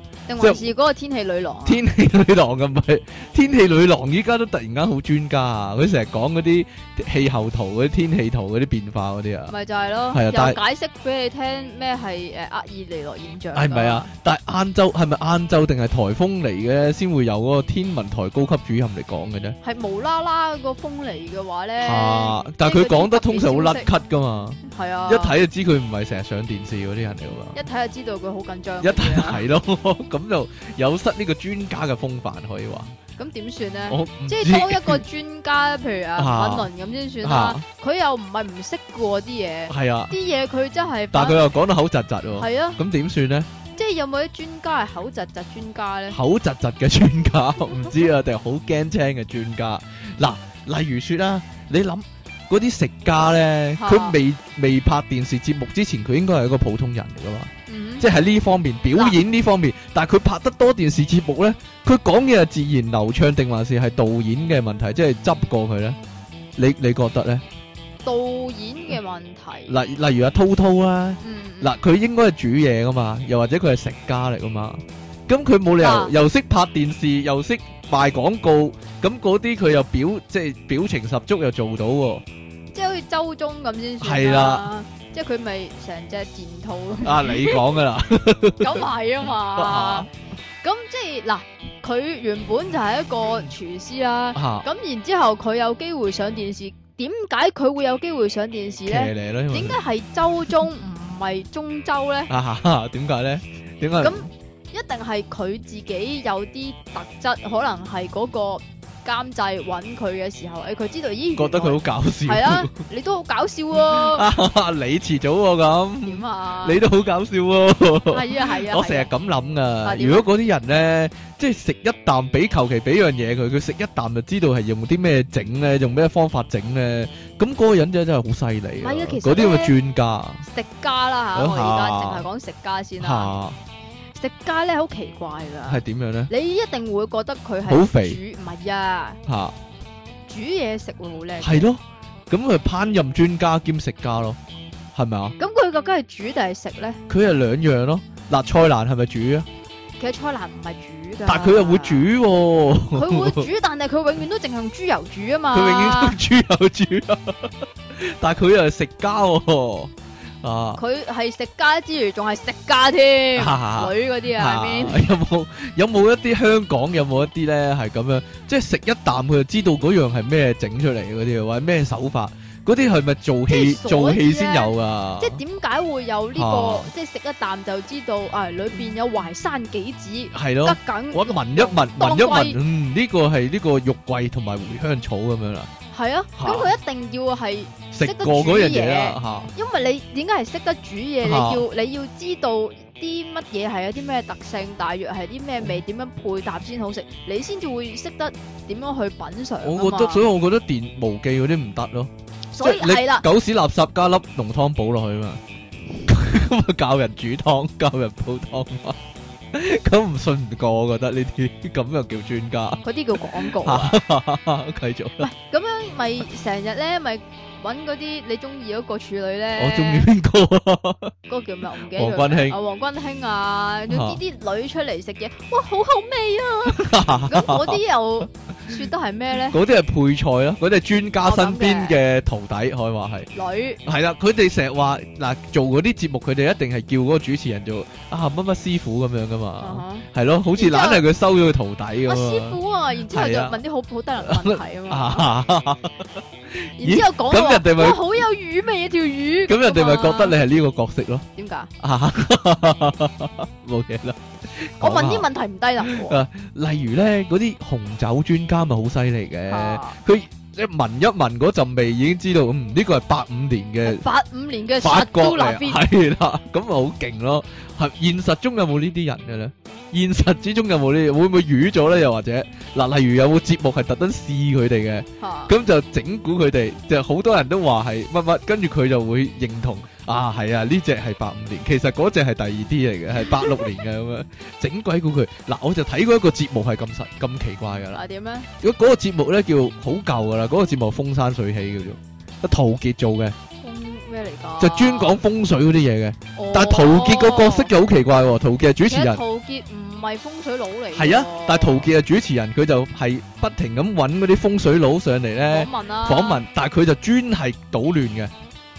即係嗰個天氣女郎，天氣女郎，咁係天氣女郎，依家都突然間好專家啊！佢成日講嗰啲氣候圖、啲天氣圖、嗰啲變化嗰啲啊！咪就係咯，又解釋俾你聽咩係誒厄爾尼諾現象？係唔係啊？但晏晝係咪晏晝定係颱風嚟嘅先會有嗰個天文台高級主任嚟講嘅啫？係無啦啦個風嚟嘅話咧嚇、啊，但係佢講得通常好甩咳㗎嘛，係、嗯、啊！一睇就知佢唔係成日上電視嗰啲人嚟㗎嘛，一睇就知道佢好緊張， 一睇係咯咁就有失呢個專家嘅風範。可以話。咁點算咧？即係當一個專家，譬如啊，敏倫咁先算啦。佢、啊、又唔係唔識過啲嘢。係啊，啲嘢佢真係。但係佢又講得口窒窒喎。係啊。咁點算咧？呢即係有冇啲專家係口窒窒專家咧？口窒窒嘅專家唔知啊，定係好驚青嘅專家。嗱， 例如説啦，你諗。嗰啲食家呢，佢未未拍電視節目之前，佢應該係一個普通人嚟噶嘛，即係喺呢方面表演呢方面。但係佢拍得多電視節目呢，佢講嘢係自然流暢定還是係導演嘅問題，即係執過佢呢？你你覺得呢？導演嘅問題，例例如阿濤濤啦，嗱佢應該係煮嘢噶嘛，又或者佢係食家嚟噶嘛？咁佢冇理由又識拍電視，又識賣廣告，咁嗰啲佢又表即係表情十足又做到喎。即係好似周中咁先算啦，的即係佢咪成隻賤兔啊！你講噶啦，咁係啊嘛，咁即係嗱，佢原本就係一個廚師啦，咁、啊、然之後佢有機會上電視，點解佢會有機會上電視咧？點解係周中唔係 中周咧？點解咧？點解？咁一定係佢自己有啲特質，可能係嗰、嗰個。監製搵佢嘅時候，誒、哎、佢知道依覺得佢好搞笑係 啊，你都好搞笑喎！你遲早咁點啊？你都好搞笑喎！係啊係啊，啊！我成日咁諗噶，如果嗰啲人咧，即係食一啖俾求其俾樣嘢佢，佢食一啖就知道係用啲咩整咧，用咩方法整咧，咁嗰個人就真係好犀利啊！嗰啲咪專家食家啦吓，而家淨係講食家先啦。啊啊啊食家咧好奇怪㗎，係點樣咧？你一定會覺得佢係好肥，啊啊、煮唔係啊吓，煮嘢食會好叻，係咯，咁佢係烹飪專家兼食家咯，係咪啊？咁佢究竟係煮定係食咧？佢係兩樣咯，辣菜蘭係咪煮啊？其實菜蘭唔係煮噶，煮但係佢又會煮、哦，佢會煮，但係佢永遠都淨係用豬油煮啊嘛，佢 永遠都豬油煮， 但係佢又係食家喎、哦。啊！佢係食家之餘，仲係食家添，女嗰啲啊，啊有冇有冇一啲香港有冇一啲咧？係咁樣，即係食一啖佢就知道嗰樣係咩整出嚟嗰啲，或者咩手法嗰啲係咪做戲做戲先有，有、這個、啊。即係點解會有呢個？即係食一啖就知道啊！裏、哎、邊有淮山杞子，係咯、嗯，得的緊。我聞一聞，聞一聞，嗯，呢、嗯這個係呢個肉桂同埋茴香草咁樣啦。係啊，咁佢，嗯、一定要係識得煮啲嘢，啊啊、因為你點解係識得煮嘢？啊、你要你要知道啲乜嘢係有啲咩特性，大約係啲咩味，點，嗯、樣配搭先好食，你先至會識得點樣去品嚐。我覺得，所以我覺得電無記嗰啲唔得咯。所以係啦，狗屎垃圾加粒濃湯寶落去啊嘛， 教人煮湯，教人煲湯咁唔 信唔過，我覺得呢啲咁又叫專家？嗰啲叫廣告啊！繼續啦，唔係咁樣咪成日咧咪。 揾嗰啲你中意嗰個處女咧？我中意邊個？嗰 個叫咩？唔記得。王君馨。啊，王君馨啊，呢啲女出嚟食嘢，哇，好好味啊！咁嗰啲又說得係咩咧？嗰啲係配菜啊，嗰啲係專家身邊嘅徒弟可以話係。女。係啦，佢哋成日話嗱，做嗰啲節目，佢哋一定係叫嗰個主持人做啊乜乜師傅咁樣噶嘛，係咯、uh huh，好似懶係佢收咗個徒弟㗎喎、啊。師傅啊，然後之後就問啲好好低能問題啊嘛。 然之後講我、咪、好有魚味、啊，條魚咁人哋咪覺得你係呢個角色咯。點解啊？冇嘢啦，我問啲問題唔低能。誒， 例如咧，嗰啲紅酒專家咪好犀利嘅，佢。 一聞一聞嗰陣味已經知道，嗯，呢個係八五年嘅，八五年嘅法國嚟，係啦，咁咪好勁咯。係現實中有冇呢啲人嘅咧？現實之中有冇呢？會唔會瘀咗咧？又或者嗱，例如有冇節目係特登試佢哋嘅，咁就整蠱佢哋，就好多人都話係乜乜，跟住佢就會認同。啊，係啊，呢隻係八五年，其實嗰隻係第二啲嚟嘅，係八六年嘅咁樣，整鬼過佢。嗱，我就睇過一個節目係咁神咁奇怪嘅啦。啊，點咧？嗰嗰個節目咧叫好舊噶啦，嗰個節目風山水起嘅，阿陶傑做嘅。風咩嚟㗎？就專講風水嗰啲嘢嘅。但係陶傑個角色就好奇怪喎，陶傑係主持人。陶傑唔係風水佬嚟。係啊，但係陶傑係主持人，佢就係不停咁搵嗰啲風水佬上嚟咧訪問啦，訪問，但係佢就專係搗亂嘅。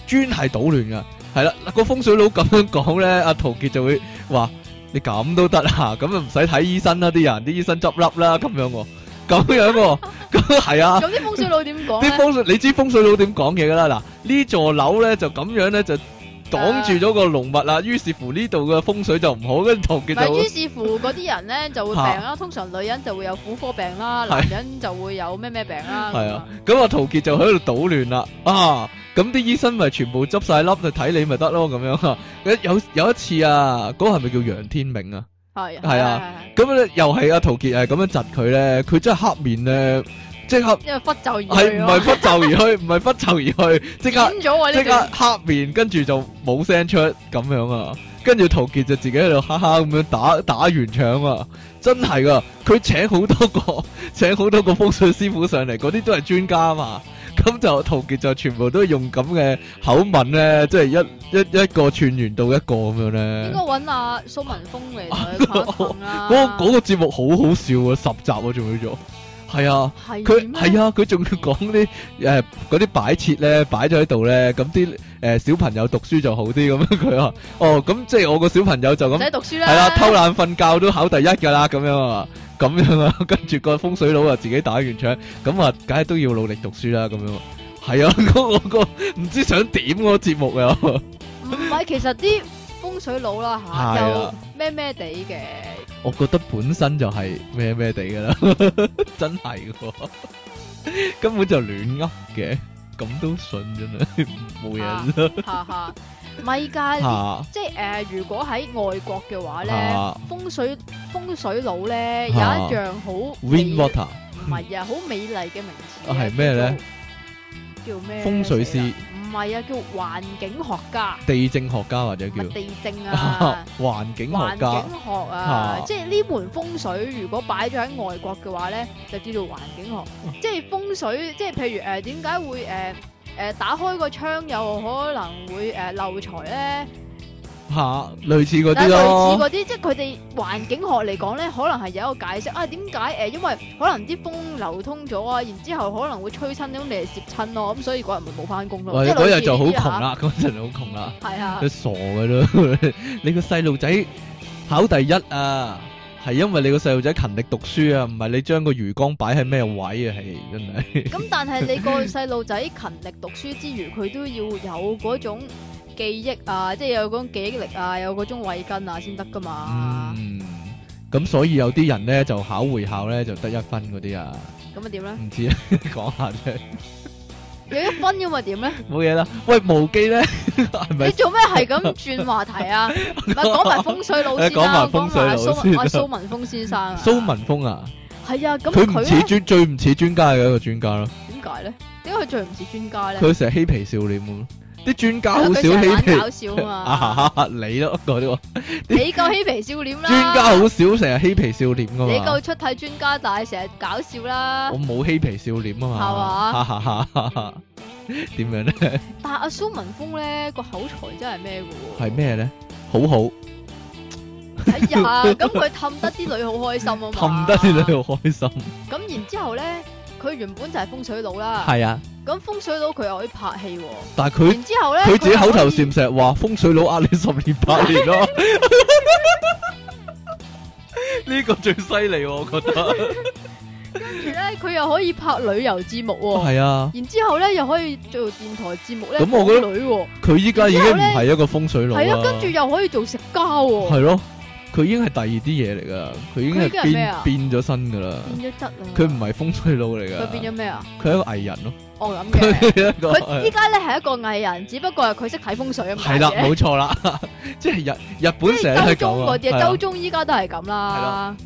專係搗亂噶，係啦嗱，個風水佬咁樣講咧，阿陶傑就會話：你咁都得啊？咁又唔使睇醫生啦，啲人啲醫生執笠啦，咁樣喎，咁樣喎，咁係啊？咁啲風水佬點講？啲風水，你知風水佬點講嘢噶啦？嗱，呢座樓咧就咁樣咧就擋住咗個龍脈啦，於是乎呢度嘅風水就唔好，跟住陶傑就，咪於是乎嗰啲人咧就會病啦，通常女人就會有婦科病啦，男人就會有咩咩病啦。係啊，咁阿陶傑就喺度搗亂啦，啊！咁啲醫生咪全部執晒粒去睇你咪得咯咁樣嚇。有有一次啊，嗰、嗰個係咪叫楊天明啊？係係啊。咁又係啊，陶傑係咁樣窒佢咧，佢真係黑面咧，即刻即係拂袖而去，啊。係唔係拂袖而去？唔係拂袖而去，即刻。咗即 刻，刻黑面，跟住就冇聲出咁樣啊！跟住陶傑就自己喺度哈哈咁樣打打完場啊！真係噶，佢請好多個 請好多個風水師傅上嚟，嗰啲都係專家嘛。咁就陶傑就全部都用咁嘅口吻咧，即、就、係、是、一一一,一個串完到一個咁樣咧。應該揾阿蘇文峰嚟啦，嗰嗰個節目好好笑啊，十集啊仲要做，係啊，佢係啊，佢仲要講啲誒嗰啲擺設咧擺咗喺度咧，咁啲誒小朋友讀書就好啲咁樣佢話， 哦咁即係我個小朋友就咁，唔使讀書啦，係啦、啊，偷懶瞓覺都考第一噶啦，咁樣啊。嗯咁樣啊，跟住個風水佬又自己打完槍，咁啊，梗係都要努力讀書啦。咁樣，係啊，我我唔知想點個節目啊。唔係，其實啲風水佬啦吓，又咩咩地嘅。我覺得本身就係咩咩地噶啦，真係，根本就亂噏嘅，咁都信咗啦冇人。哈哈。唔係噶，即係誒，如果喺外國嘅話咧，風水風水佬咧有一樣好，Wind water 唔係啊，好美麗嘅名詞啊係咩咧？叫咩風水師？唔係啊，叫環境學家、地政學家或者叫地政啊、環境學家、環境學啊。即係呢門風水，如果擺咗喺外國嘅話咧，就叫做環境學。即係風水，即係譬如誒，點解會誒？誒，打開個窗又可能會誒漏財咧，吓類似嗰啲咯。但係類似嗰啲，即係佢哋環境學嚟講咧，可能係有一個解釋啊，點解誒？因為可能啲風流通咗啊，然之後可能會吹親咁嚟蝕親咯，咁所以嗰日冇翻工咯。即係嗰日就好窮啦，嗰陣好窮啦，係啊，佢傻噶咯？你個細路仔考第一啊！係因為你個細路仔勤力讀書啊，唔係你將個魚缸擺喺咩位啊，係真係。咁但係你個細路仔勤力讀書之餘，佢都要有嗰種記憶啊，即係有嗰種記憶力啊，有嗰種慧根啊，先得噶嘛。嗯，咁所以有啲人咧就考會考咧就得一分嗰啲啊。咁啊點咧？唔知啊，講下啫。 有一分咁咪點咧？冇嘢啦。喂，無記咧，你做咩係咁轉話題啊？唔係講埋風水佬先啊！講埋風水佬啊，蘇文峰先生啊。蘇文峰啊，係啊，咁佢唔似專最唔似專家嘅一個專家咯。點解咧？點解佢最唔似專家咧？佢成日嬉皮笑臉。啲專家好少嬉皮，搞笑啊嘛？啊，你咯嗰啲喎，你個嬉皮笑臉啦。專家好少成日嬉皮笑臉噶嘛？你個出體專家，但係成日搞笑啦。我冇嬉皮笑臉啊嘛。係嘛？哈哈哈！點樣咧？但係阿蘇文峰咧個口才真係咩嘅？係咩咧？好好。哎呀，咁佢氹得啲女好開心啊嘛！氹得啲女好開心。咁然之後咧？佢原本就係風水佬啦，係啊，咁風水佬佢又可以拍戲，哦，但係佢之後咧，佢自己口頭禪成日話風水佬壓你十年八年咯，呢個最犀利我覺得 跟呢。跟住咧，佢又可以拍旅遊節目，哦，係啊，然之後咧又可以做電台節目咧，咁我覺得，哦。佢依家已經唔係一個風水佬，係啊，跟住又可以做食家，哦，係咯，啊。佢已經係第二啲嘢嚟噶，佢已經係變變咗身噶啦，變咗質，佢唔係風水佬嚟噶。佢變咗咩啊？佢係一個藝人咯。我諗嘅。佢依家咧，係一個藝人，只不過係佢識睇風水啊嘛。係啦，冇錯啦。即係日日本成日都講啊。周中依家都係咁啦。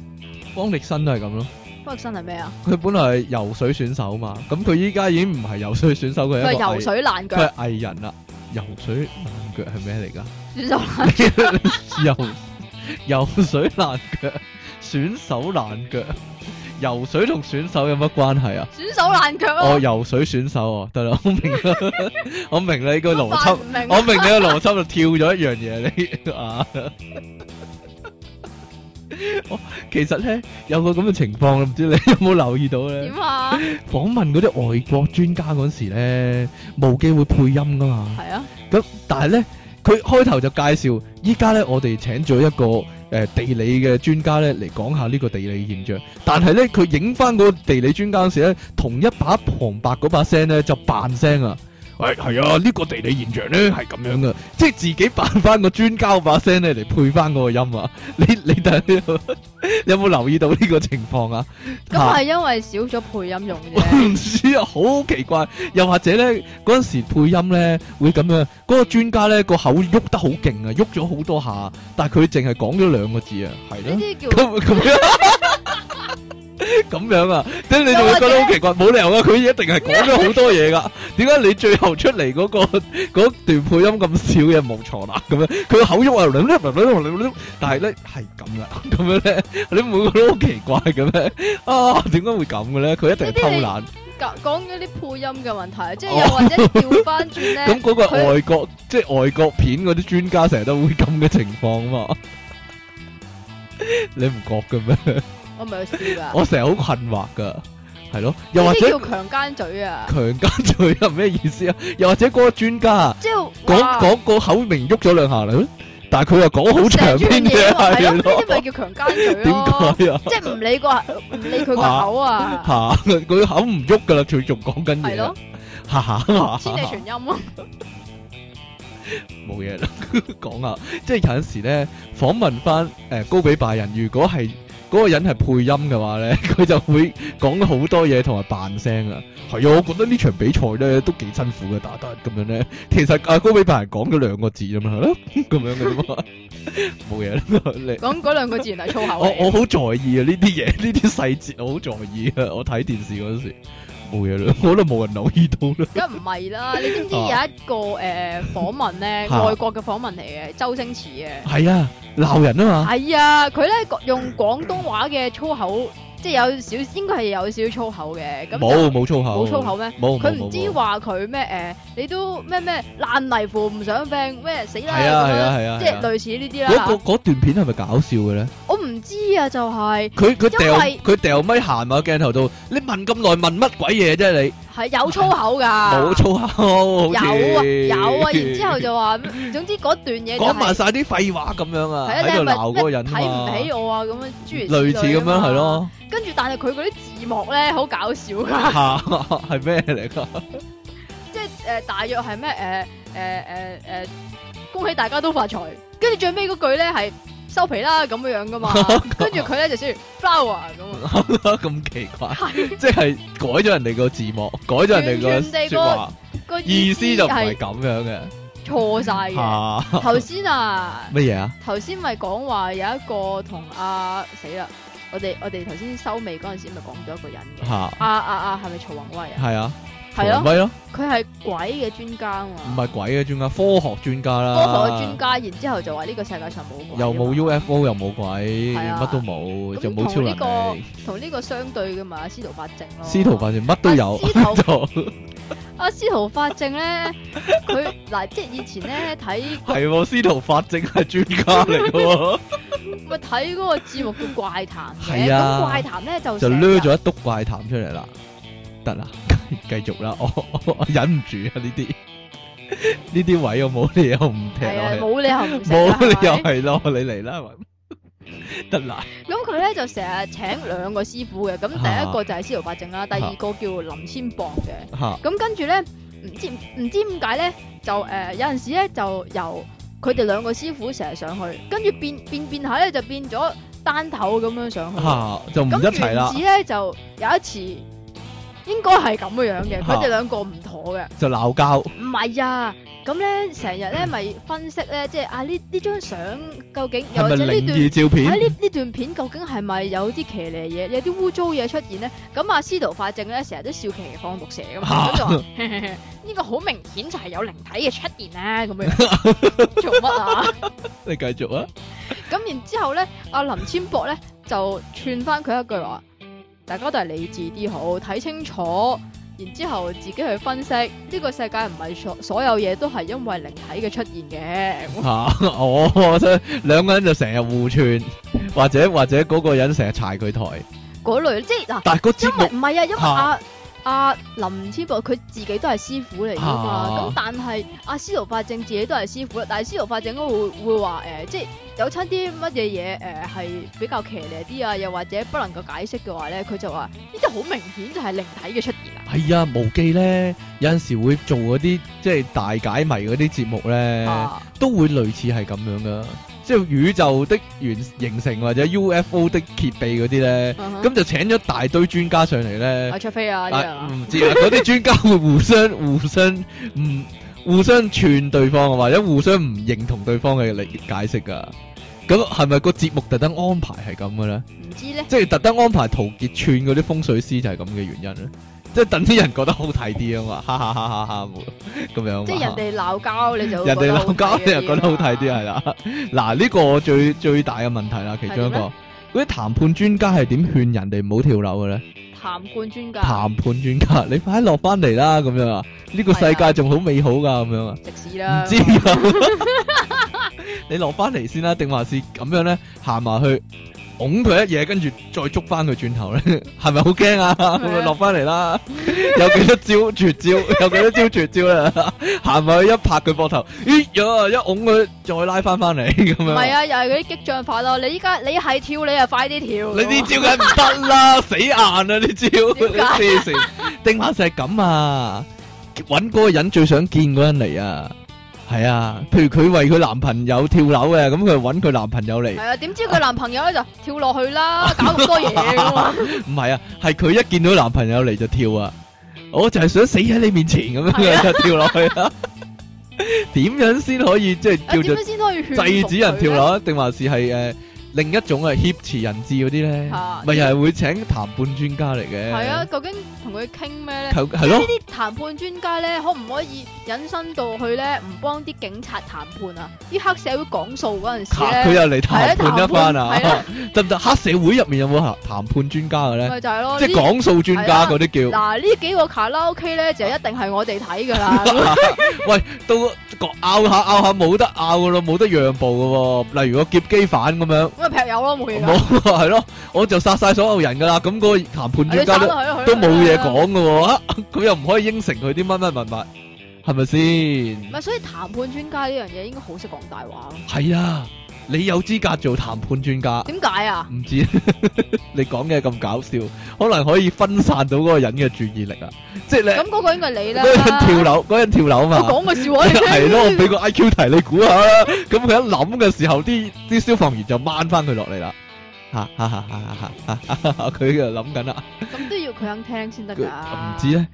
方力申都係咁咯。方力申係咩啊？佢本嚟係游水選手嘛，咁佢依家已經唔係游水選手，佢係游水爛腳，佢係藝人啦。游水爛腳係咩嚟噶？選手爛腳，游。游水爛腳，選手爛腳，游水同選手有乜關係啊？選手爛腳哦，游水選手啊，大佬，我明啦， 我明你呢個邏輯，我明，明，我明你個邏輯就跳咗一樣嘢，你啊，我 其實咧有個咁嘅情況，唔知你有冇留意到咧？點啊？訪問嗰啲外國專家嗰時咧，冇機會配音噶嘛？係啊，咁但係咧。佢開頭就介紹，依家呢，我哋請咗一個誒地理嘅專家呢，嚟講下呢個地理現象，但係呢，佢影翻個地理專家時呢，同一把旁白嗰把聲呢，就扮聲啊！誒，係、哎、啊，呢、呢個地理現象咧係咁樣噶， 即係自己扮翻個專家把聲咧嚟配翻嗰個音啊！ 你你睇有冇 留意到呢個情況啊？咁係因為少咗配音用啫。唔 知啊，好奇怪！又或者咧，嗰陣時配音咧會咁樣，嗰、嗰個專家咧個口喐得好勁啊，喐咗好多下，但係佢淨係講咗兩個字啊，係咯。咁咁樣。咁樣啊，即係你就會覺得好奇怪，冇理由啊！佢一定係講咗好多嘢噶，點解你最後出嚟嗰個嗰段配音咁少嘅，冇錯啦？咁樣，佢個口喐啊，唥唥唥唥唥唥，但係咧係咁噶，咁樣咧，你唔會覺得好奇怪嘅咩？啊，點解會咁嘅咧？佢一定係偷懶。講咗嗰啲配音嘅問題，即係又或者調翻轉咧。咁嗰個外國，即係外國片嗰啲專家成日都會咁嘅情況啊嘛？你唔覺嘅咩？我唔係有事啊！我成日好困惑噶，係咯，又或者叫強奸嘴啊？強奸嘴係咩意思啊？又或者嗰個專家，即係講講個口明喐咗兩下啦，但係佢又講好長篇嘅，係咯？呢啲咪叫強奸嘴咯？點解啊？即係唔理個唔理佢個口啊？吓，佢口唔喐噶啦，佢仲講緊嘢咯，哈哈，千里傳音咯，冇嘢啦，講啊！即係有陣時咧，訪問翻誒高比拜仁，如果係。嗰個人係配音嘅話咧，佢就會講好多嘢同埋扮聲啊。係啊，我覺得呢場比賽咧都幾辛苦嘅，打得咁樣咧。其實阿、啊、高比拜仁講咗兩個字咁啫嘛，咁、係咯、樣嘅啫冇嘢。你講、就、嗰兩個字係粗口嚟 我我好在意啊呢啲嘢，呢啲細節我好在意啊。我睇電視嗰時。冇嘢啦，我都冇人留意到啦。梗唔係啦，你知唔知有一個誒、啊呃、訪問咧，外國嘅訪問嚟嘅，周星馳嘅。係啊，鬧、啊、人啊嘛。係啊，佢咧用廣東話嘅粗口。即係有少，應該係有少少粗口嘅。咁冇冇粗口？冇粗口咩？冇。佢唔知話佢咩？誒，你都咩咩爛泥扶唔上壁咩？死啦！係啊係啊係啊！即係類似呢啲啦。嗰嗰段片係咪搞笑嘅咧？我唔知啊，就係。佢佢掉佢掉咪行埋鏡頭度。你問咁耐，問乜鬼嘢啫你？係有粗口噶，冇粗口？有啊有啊。然之後就話， 總之嗰段嘢講埋晒啲廢話咁樣啊，喺度鬧個人啊，睇唔起我啊咁樣，諸如此類咁樣係咯。跟住但係佢嗰啲字幕咧好搞笑噶，係咩嚟㗎？即係誒大約係咩誒誒誒誒，恭喜大家都發財。跟住最尾嗰句咧係。收皮啦咁樣樣噶嘛，跟住佢咧就似 flower 咁，咁 奇怪， 即係改咗人哋個字幕， 改咗人哋個說話全全、那個意思就唔係咁樣嘅，錯晒嘅。頭先啊，乜嘢啊？頭先咪講話有一個同阿死啦，我哋我哋頭先收尾嗰陣時咪講咗一個人嘅、 啊，啊啊啊，係咪曹宏威啊？係啊。係咯，佢係鬼嘅專家嘛？唔係鬼嘅專家，科學專家啦。科學專家，然之後就話呢個世界上冇鬼，又冇 UFO，又冇鬼，乜都冇，就冇超人。呢個同呢個相對嘅嘛，司徒法正咯。司徒法正乜都有，錯。阿司徒法正咧，佢嗱，即係以前咧睇係司徒法正係專家嚟嘅，咪睇嗰個節目叫怪談，係啊，咁怪談咧就就攞咗一督怪談出嚟啦。得啦，繼續啦，我我，我忍唔住 啊！呢啲呢啲位我冇理由唔踢落去，冇理由，冇理由係咯， 你嚟啦，得啦 了。咁佢咧就成日請兩個師傅嘅，咁第一個就係司徒八正啦，第二個叫林千博嘅。咁 跟住咧，唔知唔知點解咧，就誒、呃、有陣時咧就由佢哋兩個師傅成日上去，跟住變變變下咧就變咗單頭咁樣上去， 就唔一齊啦。於是咧就有一次。應該係咁嘅樣嘅，佢哋兩個唔妥嘅、嗯啊，就鬧交。唔係啊，咁咧成日咧咪分析咧，即係啊呢呢張相究竟又或者呢段喺呢呢段片究竟係咪有啲騎呢嘢，有啲污糟嘢出現咧？咁阿、啊、司徒法正咧成日都笑騎放毒蛇咁啊，呢就 個好明顯就係有靈體嘅出現啦，咁樣做乜啊？你繼續啊！咁然之後咧，阿、啊、林千博咧就串翻佢一句話。大家都係理智啲好，睇清楚，然之後自己去分析。呢、呢個世界唔係所所有嘢都係因為靈體嘅出現嘅。吓，哦，即係兩個人就成日互串，或者或者嗰個人成日踩佢台嗰 類，即係嗱，啊但係嗰、因為唔係啊，啊因為啊。啊阿、啊、林天博佢自己都係師傅嚟噶嘛，咁、啊、但係阿、啊、司徒法正自己都係師傅，但係司徒法正應該會會話誒、呃，即係有親啲乜嘢嘢誒係比較騎呢啲啊，又或者不能夠解釋嘅話咧，佢就話呢啲好明顯就係靈體嘅出現啦。係啊，無記咧有陣時會做嗰啲即係大解謎嗰啲節目咧，啊、都會類似係咁樣噶。即係宇宙的完形成或者 UFO 的揭秘嗰啲咧，咁、uh huh. 就請咗大堆專家上嚟咧。唔知啊，嗰啲、啊啊、 專家會互相互相唔互相串對方，或者互相唔認同對方嘅嚟解釋㗎。咁係咪個節目特登安排係咁嘅咧？唔知咧，即係特登安排陶傑串嗰啲風水師就係咁嘅原因啊！即係等啲人覺得好睇啲啊嘛，哈哈哈哈哈咁樣。即係人哋鬧交你就人哋鬧交你就覺得好睇啲係啦。嗱，呢個最最大嘅問題啦，其中一個。嗰啲談判專家係點勸人哋唔好跳樓嘅咧？談判專家。談判專家，你快落翻嚟啦咁樣啊！呢個世界仲好美好㗎咁樣啊！即時啦，唔知啊。你落翻嚟先啦，定話是咁樣咧？行埋去，拱佢一嘢，跟住再捉翻佢轉頭咧，係咪好驚啊？咁咪落翻嚟啦！ 有幾多招絕招？有幾多招絕招啊？行埋 去一拍佢膊頭？咦、哎、呀！一拱佢，再拉翻翻嚟咁樣。唔係啊，又係嗰啲激將法咯。 你依家你係跳， 你啊快啲跳。你啲招梗係唔得啦， 死硬啊！啲招。定下成咁啊，搵嗰個人最想見嗰人嚟啊！係啊，譬如佢為佢男朋友跳樓嘅，咁佢就揾佢男朋友嚟。係啊，點知佢男朋友咧 就跳落去啦，搞咁多嘢嘅嘛？唔係 啊，係佢一見到男朋友嚟就跳啊！我就係想死喺你面前咁樣是、啊、就跳落去啊。點 樣先可以即係、點樣先、可以制止人跳樓？定呢還是係誒？呃另一種係挾持人質嗰啲咧，咪又係會請談判專家嚟嘅。係啊，究竟同佢傾咩咧？係咯，呢啲談判專家咧，可唔可以引申到去咧？唔幫啲警察談判啊？啲黑社會講數嗰陣時佢又嚟談判一番啊？得唔得？黑社會入面有冇談判專家嘅咧？咪就係咯，即係講數專家嗰啲叫。嗱，呢幾個卡拉 OK 咧就一定係我哋睇㗎啦。喂，都拗下拗下冇得拗㗎咯，冇得讓步㗎喎。例如個劫機犯咁樣。劈友咯，冇嘢。冇，係咯，我就殺晒所有人噶啦。咁嗰個談判專家都冇嘢講噶喎，佢又唔可以應承佢啲乜乜物物，係咪先？唔係，所以談判專家呢樣嘢應該好識講大話咯。係啊。你有資格做談判專家？點解啊？唔知， 你講嘅咁搞笑，可能可以分散到嗰個人嘅注意力那那啊！即係 你！咁嗰個應該係你啦。嗰人跳樓，嗰人跳樓嘛。講個笑話，你聽。係咯，我俾個 I Q 題你估下咁佢 一諗嘅時候，啲啲消防員就掹翻佢落嚟啦。吓 哈！ 吓吓吓吓吓，佢 就諗緊啦。咁 都 要佢肯聽先得噶。唔 知咧。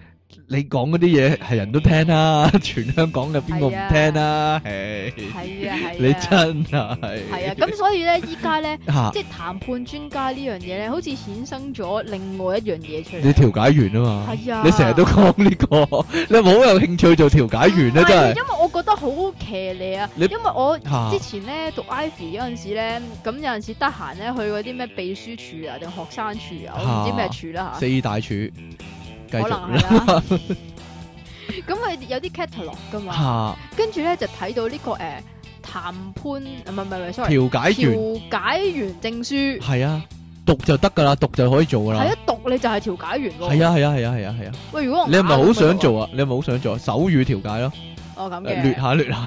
你講嗰啲嘢係人都聽啦，啊，全香港嘅邊個唔聽啦？係，係啊，係你真係係啊，咁所以咧，依家咧，即係、啊、談判專家呢樣嘢咧，好似衍生咗另外一樣嘢出嚟。你調解員啊嘛，係啊，你成日都講呢、這個，你冇有，有興趣做調解員咧？真係、嗯啊，因為我覺得好騎呢啊，你因為我之前咧讀 ivy 嗰陣時咧，咁有陣時得閒咧去嗰啲咩秘書處啊，定學生處啊，唔、啊、知咩處啦、啊、嚇，四大處。可能係啦，咁咪有啲 catalog 噶嘛，跟住咧就睇到呢個誒談判唔係唔係 sorry，調解調解員證書係啊，讀就得噶啦，讀就可以做噶啦。係啊，讀你就係調解員喎。係啊係啊係啊係啊係啊。喂，如果你係咪好想做啊，你係咪好想做手語調解咯？哦咁嘅，略下略下。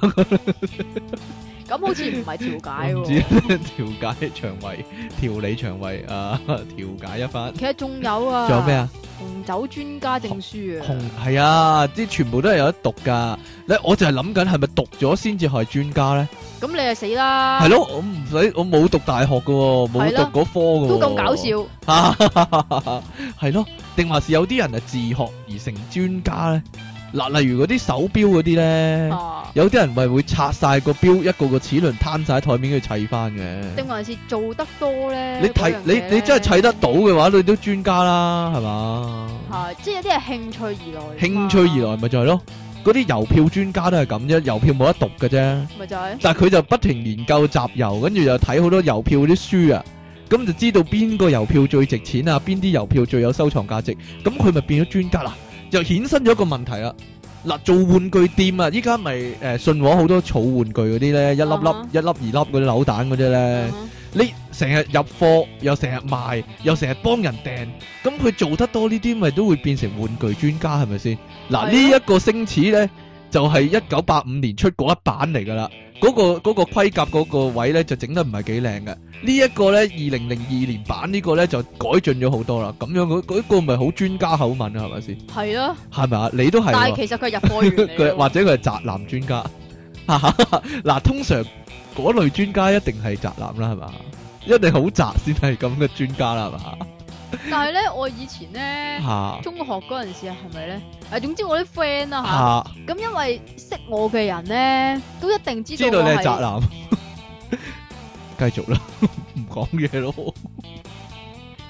咁好似唔係調解喎？啊， 調解腸胃，調理腸胃，啊，調解一番。其實仲有啊，仲有咩啊？紅酒專家證書啊？紅係啊，即係全部都係有得讀噶。咧，我是是你就係諗緊係咪讀咗先至係專家咧？咁你啊死啦！係咯，我唔使，我冇讀大學噶，冇、啊、讀嗰科噶。都咁搞笑，係 咯？定話是有啲人係自學而成專家咧？嗱，例如嗰啲手錶嗰啲咧，啊、有啲人咪會拆晒個錶一個個齒輪攤晒喺台面去砌翻嘅，定還是做得多咧看？你睇你你真係砌得到嘅話，你都專家啦，係嘛？係、啊，即係有啲係興趣而來。興趣而來咪就係咯，嗰啲、啊、郵票專家都係咁啫，郵票冇得讀嘅啫，咪就會但係佢就不停研究集郵，跟住又睇好多郵票啲書啊，咁就知道邊個郵票最值錢啊，邊啲郵票最有收藏價值，咁佢咪變咗專家啦。 就衍生咗一個問題啦！嗱，做玩具店啊，依家咪誒信和好多草玩具嗰啲咧，一粒粒、uh huh. 一粒二粒嗰啲扭蛋嗰啲咧，uh huh. 你成日入貨又成日賣又成日幫人訂，咁佢做得多呢啲，咪都會變成玩具專家係咪先？嗱，呢一個星矢咧，就係一九八五年出嗰一版嚟㗎啦。嗰、那個嗰、那個盔甲嗰個位咧就整得唔係幾靚嘅，這個、呢一個咧二零零二年版個呢個咧就改進咗好多啦，咁樣嗰、那個唔係好專家口吻，是是啊，係咪先？係咯。係咪啊？你都係、哦。但係其實佢入貨員佢 或者佢係宅男專家。嗱、 啊，通常嗰類專家一定係宅男啦，係嘛？一定好宅先係咁嘅專家啦，係嘛？但係咧，我以前咧，啊、中學嗰陣時啊，係咪咧？誒，總之我啲 friend 啊，咁、啊嗯、因為識我嘅人咧，都一定知道我知道你係宅男。繼 續啦了，唔講嘢咯。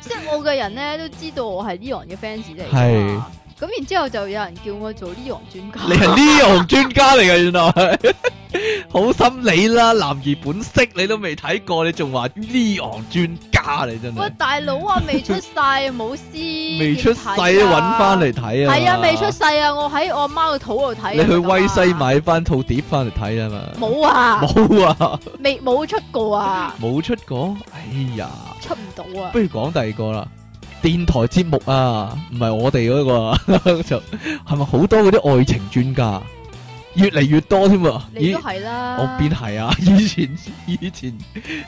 識我嘅人咧，都知道我係 e v n 嘅 fans 嚟噶。咁然之後就有人叫我做呢行專家， 你係呢行專家嚟嘅，原來 好心理啦，男兒本色你都未睇過，你仲話呢行專家嚟，你真係，喂、哦、大佬啊，未出世啊，冇先，未出世揾翻嚟睇啊，係啊，未出世啊，我喺我阿媽嘅肚度睇，你去威西買翻套碟翻嚟睇啊嘛，冇啊，冇沒啊，未 冇出過啊，冇出過，哎呀，出唔到啊，不如講第二個啦。電台節目啊，唔係我哋嗰個、啊， 就係咪好多嗰啲愛情專家，越嚟越多添啊！你都係啦，我變係啊，以前以前，以前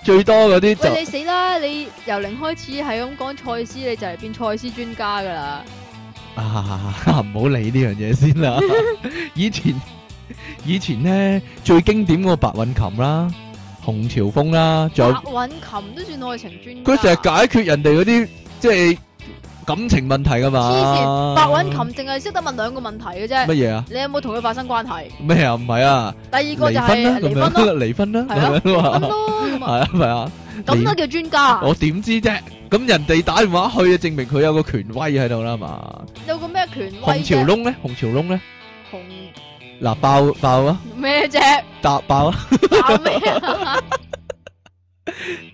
最多嗰啲，喂你死啦！你由零開始係咁講賽斯，你就係變賽斯專家噶啦、啊！啊，唔好理呢樣嘢先啦。 以前以前咧最經典個白韻琴啦，洪朝豐啦，仲有白韻琴都算愛情專家，佢成日解決人哋嗰啲。即係感情問題噶嘛？痴線。白韻琴淨係識得問兩個問題嘅啫。乜嘢啊？你有冇同佢發生關係？咩啊？唔係啊。第二個就係離婚咯。離婚咯。係咯。離婚咯。係啊係啊。咁都叫專家？我點知啫？咁人哋打電話去啊，證明佢有個權威喺度啦嘛。有個咩權威？洪潮窿咧？洪潮窿咧？洪。嗱爆爆啊！咩啫？答爆啊！咩？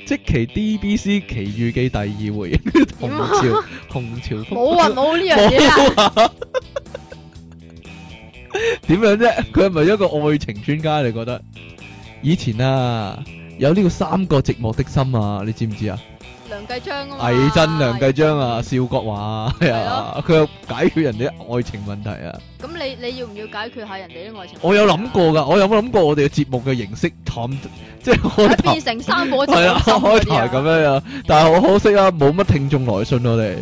即其 DBC 奇遇記第二回，紅潮紅潮風，冇啊冇呢樣嘢啊，點樣啫？佢係咪一個愛情專家？你覺得？以前啊，有呢個三個寂寞的心啊，你知唔知啊？梁繼章啊，魏真梁繼章啊，邵的國華啊，佢又的解決人哋啲愛情問題啊。咁你你要唔要解決下人哋啲愛情、啊我？我有諗過噶，我有冇諗過我哋嘅節目嘅形式？即係我。變成三個節目 的。係啊，開台咁樣樣、啊，但係好可惜啊，冇乜聽眾來信、啊、我哋。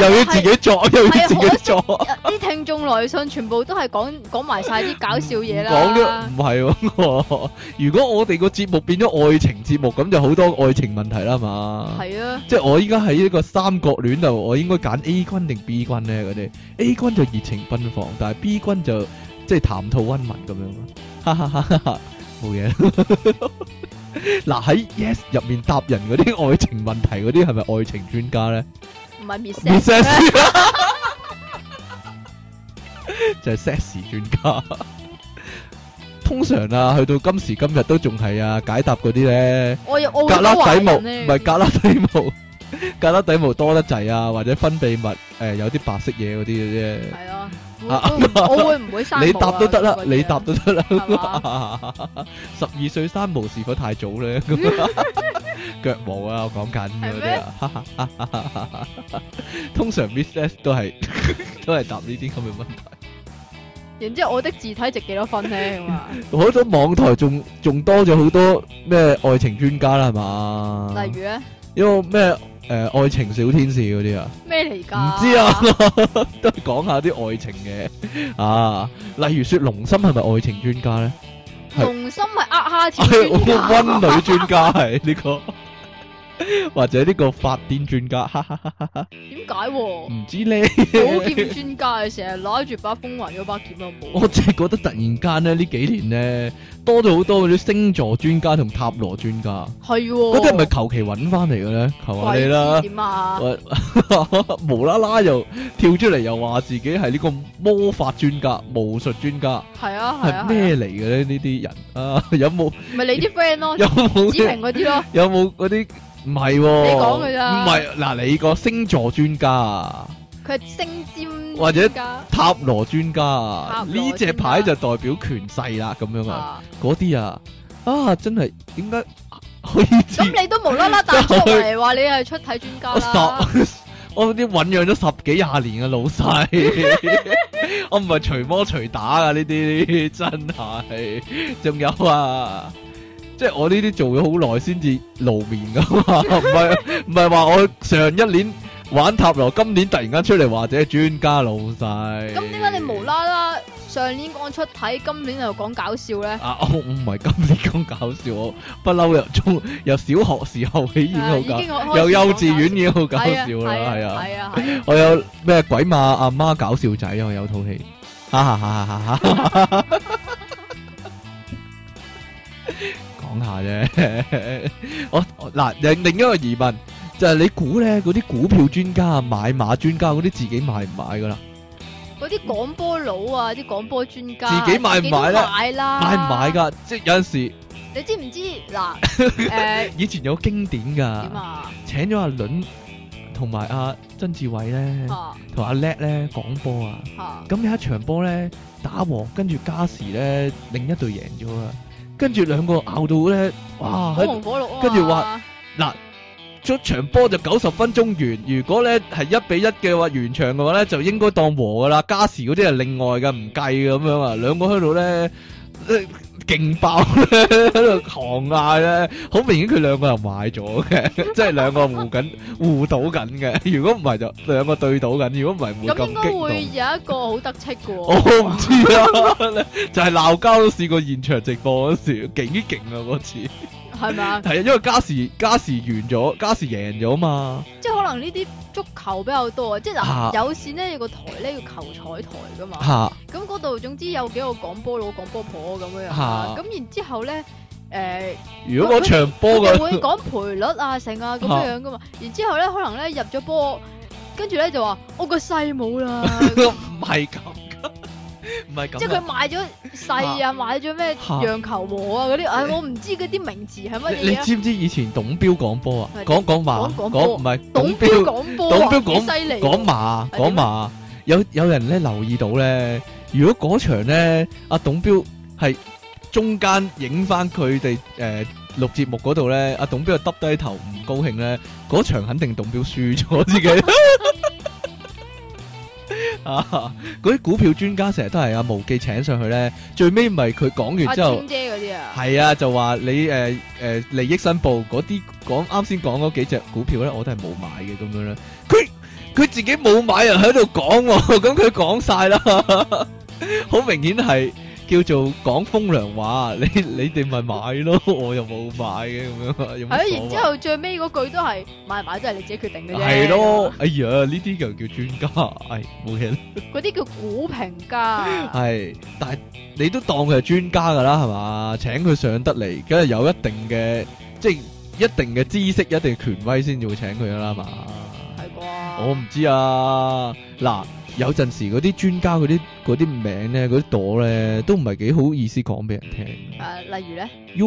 又要自己作，是又要自己作。啲聽眾來信全部都係講講埋晒啲搞笑嘢啦。講咗唔係喎，啊、 如果我哋個節目變咗愛情節目，咁就好多愛情問題啦嘛。係啊，即係我依家喺呢個三角戀度，我應該揀 A 君定 B 君咧？嗰啲 A 君就熱情奔放，但係 B 君就即係談吐溫文咁樣。哈哈哈！冇嘢。嗱喺 Yes 入面答人嗰啲愛情問題嗰啲，係咪愛情專家咧？唔係 miss sexy，就係 sexy 專家。通常啊，去到今時今日都仲係啊，解答嗰啲咧，格拉底木唔係格拉底木。隔得底毛多得滯啊，或者分泌物誒、欸，有啲白色嘢嗰啲嘅啫。係咯、啊，我會唔會生？你答都得啦，你答都得啦吧、啊。十二歲生毛是否太早咧？腳 毛啊，我講緊嗰啲。啊嗎。 通常 misses 都係都係答呢啲咁嘅問題。然之後我的字體值幾多分呢？咁啊，我喺網台仲仲多咗好多咩愛情專家啦，係嘛？例如咧，因為咩？誒、呃，愛情小天使嗰啲啊，咩嚟㗎？唔知啊， 都係講下啲愛情嘅啊，例如說龍心係咪愛情專家咧？龍心係呃蝦條嘅溫女專家係呢、 這個。或者呢個發電專家，哈哈，點解？唔知咧。保劍專家成日攞住把風雲，有把劍啊！我即係覺得突然間咧，呢幾年咧，多咗好多嗰啲星座專家同塔羅專家，係嗰啲係咪求其揾翻嚟嘅咧？求下你啦？點啊？無啦啦又跳出嚟又話自己係呢個魔法專家、武術專家，係啊，係咩嚟嘅咧？呢啲人啊，有冇？唔係你啲 friend 咯，有冇子晴嗰啲咯？有冇嗰啲？唔係，哦、你講佢咋？唔係，嗱你個星座專家，佢係星占或者塔羅專家，呢隻牌就代表權勢啦，咁樣啊，嗰啲啊，啊真係點解？咁你都無啦啦打出嚟話 你係出體專家 我啲醞釀咗十幾廿年嘅老細，我唔係隨摸隨打啊。呢啲真係，仲 有啊。即係我呢啲做咗好耐先至露面噶嘛，唔係唔係話我上一年玩塔羅，今年突然間出嚟或者專家老細。咁點解你無啦啦上年講出體，今年又講搞笑咧？啊，我唔係今年講搞笑，我不嬲由中由小學時候已經好搞，啊、已經搞由幼稚園已經好搞笑啦，係啊，係啊，我有咩鬼馬阿媽搞笑仔，我有套戲。哈！下啫， 我嗱另另一個疑問就係、是、你估咧嗰啲股票專家啊、買馬專家嗰啲自己買唔買噶啦？嗰啲講波佬啊、啲講波專家自己買唔買咧？買，買，買知知啦，買唔買噶，即係有陣時。你知唔知嗱？誒，以前有經典噶，啊、請咗阿倫同埋阿曾志偉咧，同阿叻咧講波啊。咁、啊、有一場波咧打和，跟住加時咧另一隊贏咗啊。跟住兩個拗到咧，哇！跟住話嗱，出場波就九十分鐘完。如果咧係一比一嘅話，完場嘅話咧就應該當和㗎喇。加時嗰啲係另外嘅，唔計咁樣啊。兩個喺度咧。呃勁爆咧，喺度狂嗌咧，好明顯佢兩個人買咗嘅，即係兩個互緊、互倒緊嘅。如果唔係就兩個對倒緊，如果唔係冇咁激動。咁應該會有一個好得戚嘅喎。我唔知啦、啊， 就係鬧交都試過現場直播嗰時，一勁啊嗰次。係啊， 因為加時加時完咗，加時贏咗嘛。即係可能呢啲足球比較多啊，即係嗱，有線咧，有個台咧，個球彩台噶嘛。咁嗰度總之有幾個講波佬、講波婆咁樣樣。咁 然之後咧，誒、呃，如果嗰場波嘅會講賠率啊， 成啊咁樣樣噶嘛。然之後咧，可能咧入咗波，跟住咧就話我、 個細冇啦。唔係咁。唔係咁，即係佢買咗細啊，買咗咩讓球和啊嗰啲，唉，我唔知嗰啲名詞係乜嘢。你知唔知以前董彪講波啊？講講馬，講唔係董彪講波啊？幾犀利？講馬，講馬，有有人咧留意到咧，如果嗰場咧阿董彪係中間影翻佢哋誒錄節目嗰度咧，阿董彪就耷低頭唔高興咧，嗰場肯定董彪輸咗自己。啊！嗰啲股票專家成日都係阿無忌請上去咧，最尾唔係佢講完之後，姐啲啊，係啊，啊，就話你誒誒、呃呃、利益申報嗰啲，講啱先講嗰幾隻股票咧，我都係冇買嘅咁樣咧。佢佢自己冇買又喺度講喎，咁佢講晒啦，好 明顯係。叫做講風涼話，你你哋咪買咯，我又冇買嘅咁樣，係啊。然之後最尾嗰句都係買唔買都係你自己決定嘅啫。係咯，哎呀，呢啲就叫專家，哎，冇嘢。嗰啲叫股評家。係，但係你都當佢係專家噶啦，係嘛？請佢上得嚟，梗係有一定嘅，即係一定嘅知識，一定權威先至會請佢噶啦，係嘛？係啩？吧我唔知啊，嗱。有陣時嗰啲專家嗰啲啲名咧，嗰啲朵咧都唔係幾好意思講俾人聽。誒、啊，例如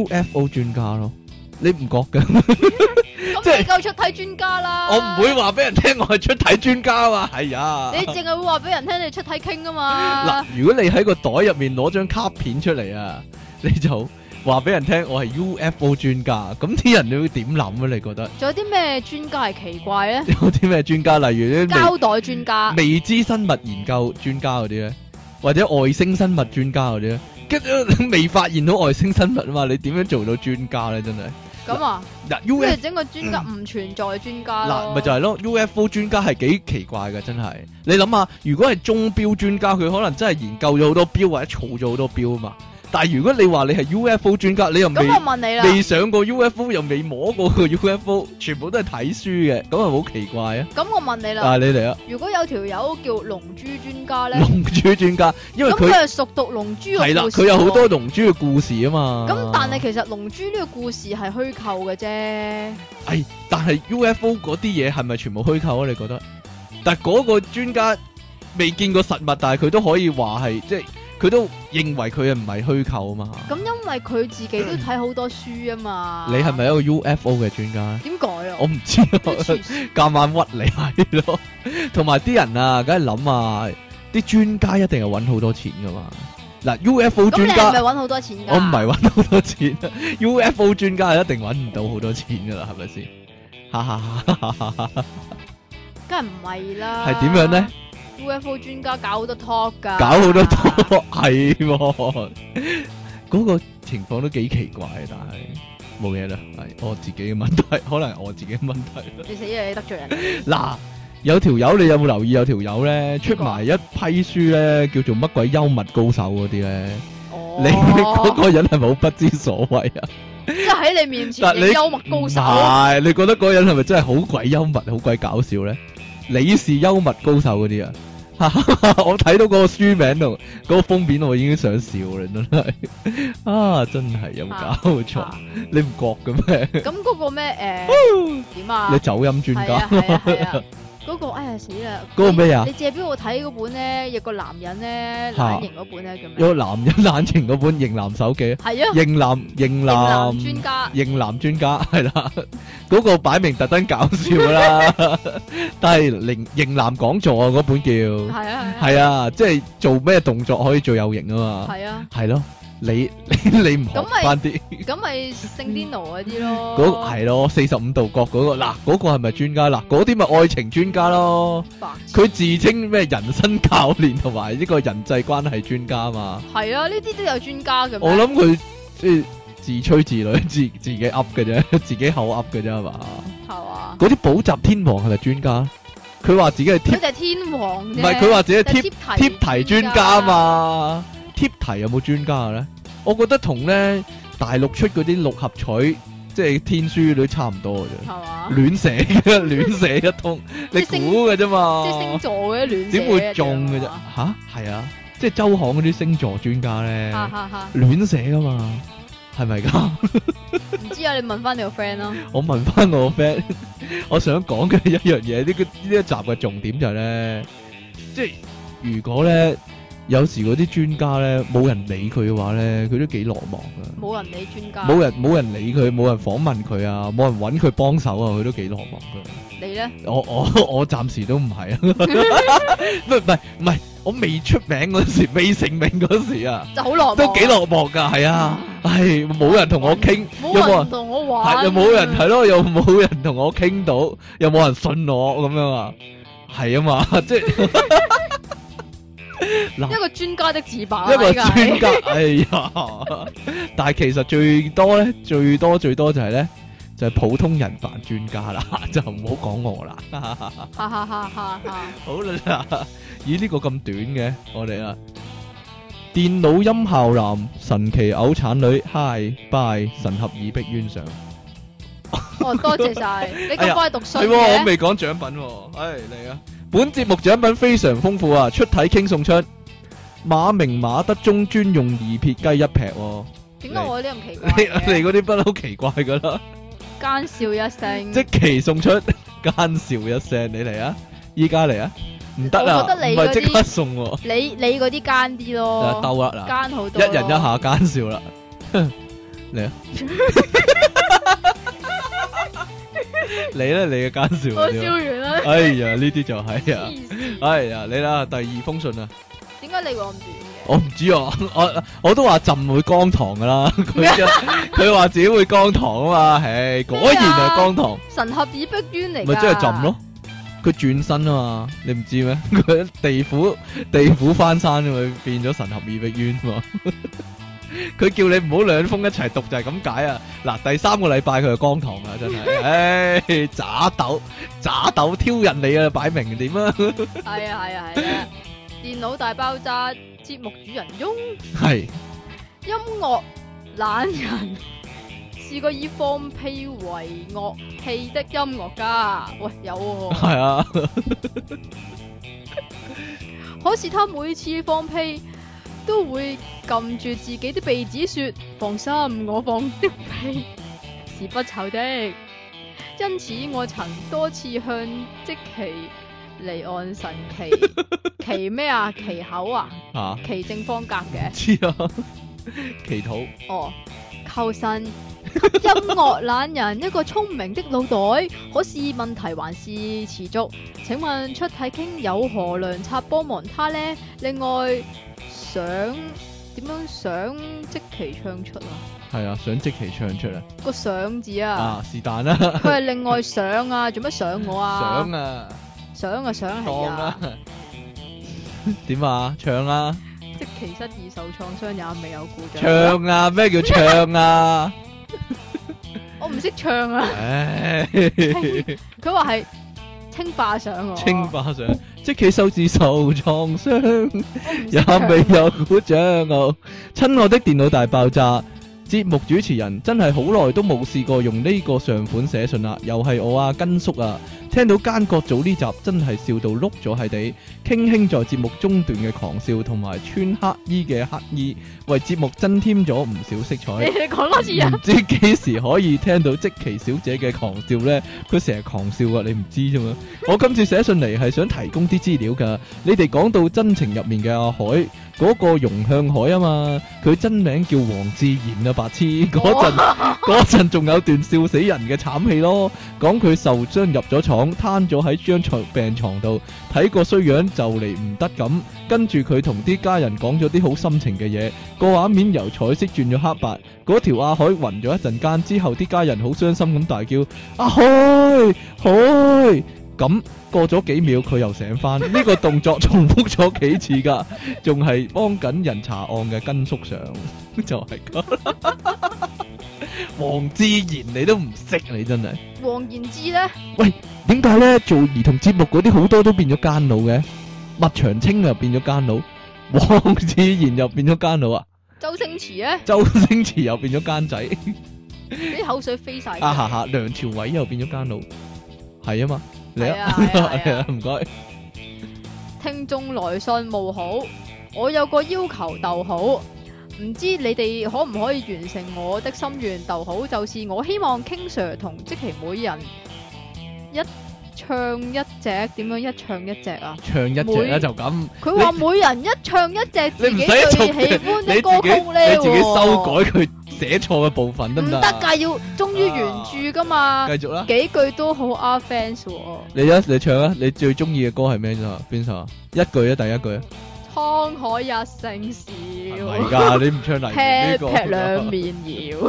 咧 UFO 專家咯，你唔覺嘅？你 夠 出體專家啦。我唔會話俾人聽，我係出體專家啊，係、哎、啊。你淨係會話俾人聽你出體傾㗎嘛。嗱 ，如果你喺個袋入面攞張卡片出嚟啊，你就話俾人聽我係 UFO 專家，咁啲人你會點諗啊？你覺得？仲有啲咩專家係奇怪咧？有啲咩專家，例如膠袋專家、未知生物研究專家嗰啲咧，或者外星生物專家嗰啲咧？跟住你未發現到外星生物啊嘛？你點樣做到專家咧？真係咁啊！即係整個專家唔存在專家嗱，咪、啊、就係、是、咯，UFO 專家係幾奇怪嘅，真係。你諗下，如果係鐘錶專家，佢可能真係研究咗好多錶或者儲咗好多錶啊嘛。但係如果你話你係 UFO 專家，你又唔，咁我問你啦，未未上過 UFO，又未摸過佢 UFO，全部都係睇書嘅，咁係好奇怪啊！咁我問你啦，啊你嚟啦！如果有條友叫龍珠專家咧，龍珠專家，因為佢熟讀龍珠嘅故事，係啦，佢有好多龍珠嘅故事啊嘛。咁但係其實龍珠呢個故事係虛構嘅啫。係、哎，但係 UFO 嗰啲嘢係咪全部虛構啊？你覺得？但係嗰個專家未見過實物，但係佢都可以話係即係。佢都認為佢係唔係虛構啊嘛，咁、嗯、因為佢自己都睇好多書啊嘛。你係咪一個 UFO 嘅專家？點解啊？我唔知，今晚屈你咯。同埋啲人啊，梗係諗啊，啲專家一定係揾好多錢噶嘛。嗱，UFO 專家咁你係咪揾好多錢噶，啊？我唔係揾好多錢，UFO 專家係一定揾唔到好多錢噶啦，係咪先？哈哈梗係唔係啦。係點樣咧？UFO 專家搞好多 talk 噶，搞好多 talk 係 是嗎，嗰 個情況都幾奇怪，但係冇嘢啦，係、哎、我自己嘅問題，可能係我自己嘅問題 寶寶。你死嘢得罪人。嗱，有條友你有冇留意有條友咧出埋一批書咧，叫做乜鬼幽默高手嗰啲咧？哦，oh, 你嗰個人係咪好不知所謂啊？ 即係喺你面前你幽默高手。唔係，你覺得嗰個人係咪真係好鬼幽默，好鬼搞笑咧？你是幽默高手嗰啲啊！ 我睇到嗰個書名同嗰個封面，我已經想笑啦，你真係 啊，真係有冇搞錯， 你唔覺嘅咩？咁 嗰個咩誒點啊？你走音專家，啊。 嗰個哎呀死啦！嗰個咩啊？你借俾我睇嗰本咧，有個男人咧懶型嗰本咧叫咩？有男人懶型嗰本型男手記，係啊，型男型男專家型男專家係啦，嗰個擺明特登搞笑㗎啦，但係型型男講座啊嗰本叫，係啊係啊，即係做咩動作可以做有型啊嘛？係啊，係咯。你你你唔好翻啲，咁咪聖天羅嗰啲咯？嗰係咯，四十五度角嗰、嗰個嗱，嗰、嗰個係咪專家？嗱，嗰啲咪愛情專家咯？佢癡自稱咩人生教練同埋呢個人際關係專家嘛？係啊，呢啲都有專家嘅。我諗佢即係自吹自擂，自自己噏嘅啫，自己口噏嘅啫係嘛？係嘛吧？嗰啲補習天王係咪專家？佢話自己係補習天王，唔係佢話自己貼，貼題貼題專家嘛？貼題有冇專家嘅咧？我覺得同咧大陸出嗰啲六合彩，即係天書都差唔多嘅啫，亂寫嘅，亂寫一通， 你估嘅啫嘛，即係星座嘅亂寫，點會中嘅啫？吓、啊，係啊，即係周行嗰啲星座專家咧，亂寫啊嘛，係咪噶？唔 知啊，你問翻你個 friend 咯。 我問翻我個 friend， 我想講嘅一樣嘢，呢、這個呢一集嘅重點就係、是、咧，即係如果咧。有時嗰啲專家咧，冇人理佢嘅話咧，佢都幾落寞噶。冇人理專家。冇人冇人理佢，冇人訪問佢啊，冇人揾佢幫手啊，佢都幾落寞噶。你咧？我我我暫時都唔係啊。唔係唔係，我未出名嗰時，未成名嗰時啊，就好落，都幾落寞㗎，係啊，係冇人同我傾，又冇人同我話，又冇人係咯，又冇人同我傾到，又冇人信我咁樣啊，係啊嘛，即係。嗱，一個專家的自白，一個專家，哎呀！但係其實最多咧，最多最多就係咧，就係普通人扮專家啦，就唔好講我啦。好啦，咦，呢個咁短嘅，我哋啊，電腦音效男，神奇偶產女，Hi Bye，神合耳壁冤上。哦，多謝晒，你咁快讀書嘅。係，我未講獎品，哎，嚟啊！本節目獎品非常豐富啊！出體 king 送出馬明馬德中專用二撇雞一撇，點解我啲咁奇怪？你你嗰啲不嬲奇怪噶咯？奸笑一聲，即期送出奸笑一聲，你嚟啊！依家嚟啊！唔得啦，我覺得你嗰啲即刻送，你你嗰啲奸啲咯，奸好多，一人一下奸笑啦，嚟啊！ 你咧，你嘅奸笑、啊，笑完啦！哎呀，呢啲就係啊， 哎呀，你啦，第二封信啊，點解你話唔知嘅？我唔知啊，我我都話浸會江糖噶啦，佢 就佢話自己會江糖啊嘛，唉，果然係江糖。神俠倚碧鴛嚟咪即係浸咯，佢轉身啊嘛，你唔知咩？佢地府地府翻山啊嘛，變咗神俠倚碧鴛嘛。.佢叫你唔好兩封一齊讀就係咁解啊！嗱，第三個禮拜佢就光堂、 哎、啊，真係，唉，渣斗，渣斗挑釁你啊，擺明點啊？係啊係啊係啊！電腦大爆炸，節目主人翁係是音樂懶人，試過以放屁為樂器的音樂家。喂，有啊，係是啊， 可是他每次放屁。都會撳住自己的鼻子說：放心，我放的屁是不臭的。因此，我曾多次向積淇離岸神祈祈咩啊？祈 口啊？啊？祈正方格嘅？知啊？祈禱。 哦，求神畀音樂懶人 一個聰明的腦袋。可是問題還是持續。請問出體 king 有何良策幫忙他呢？另外。想點樣想即期唱出啊？係 啊，想即期唱出啊！個想字啊，啊是但啦，佢係另外想啊，做乜想我啊？想啊，想啊，想啊想係啊？點唱啊， 啊？唱啊！即其失意受創傷也未有故障。唱啊？咩、啊、叫唱啊？ 我唔識唱啊！唉，佢話係。清化上，清化上，即佢手指受創傷，也未有鼓掌哦！親愛的電腦大爆炸。節目主持人真係好耐都冇試過用呢個上款寫信啦，又係我啊根叔啊，聽到奸角組呢集真係笑到碌咗喺地，輕輕在節目中段嘅狂笑同埋穿黑衣嘅黑衣為節目增添咗唔少色彩。你講多次啊，唔知幾時可以聽到積淇小姐嘅狂笑呢？佢成日狂笑啊！你唔知啫嘛？我今次寫信嚟係想提供啲資料噶，你哋講到真情入面嘅阿海。嗰個容向海啊嘛，佢真名叫黃志賢啊白痴！嗰陣嗰陣仲有段笑死人嘅慘戲咯，講佢受傷入咗廠，攤咗喺張床病牀度，睇個衰樣就嚟唔得咁，跟住佢同啲家人講咗啲好心情嘅嘢，個畫面由彩色轉咗黑白，嗰條阿海暈咗一陣間，之後啲家人好傷心咁大叫：阿海，海！咁過咗幾秒，佢又醒翻。呢個動作重複咗幾次㗎，仲係幫緊人查案嘅根叔上，就係個黃智賢你都唔識，你真係。黃延之咧？喂，點解咧做兒童節目嗰啲好多都變咗奸佬嘅？麥長青又變咗奸佬，黃智賢又變咗奸佬啊？周星馳咧？周星馳又變咗奸仔，你口水飛曬。啊嚇嚇，梁朝偉又變咗奸佬，係啊嘛。係 啊，唔該、 啊。啊啊、 聽眾來信務好，我有個要求，逗好，唔知你哋可唔可以完成我的心願？逗好，就是我希望 King Sir 同積淇每人一。唱一隻點樣？一唱一隻啊？唱一隻就咁。佢話每人一唱一隻自己最喜歡嘅歌曲咧，自己修改佢寫錯嘅部分得唔得？唔得噶，要忠於原著噶嘛。繼續啦。幾句都好啊 fans。你啊，你唱啊，你最中意嘅歌係咩啫？邊首啊？一句啊，第一句啊。滄海一聲笑。唔係噶，你唔唱嚟。劈劈兩面搖。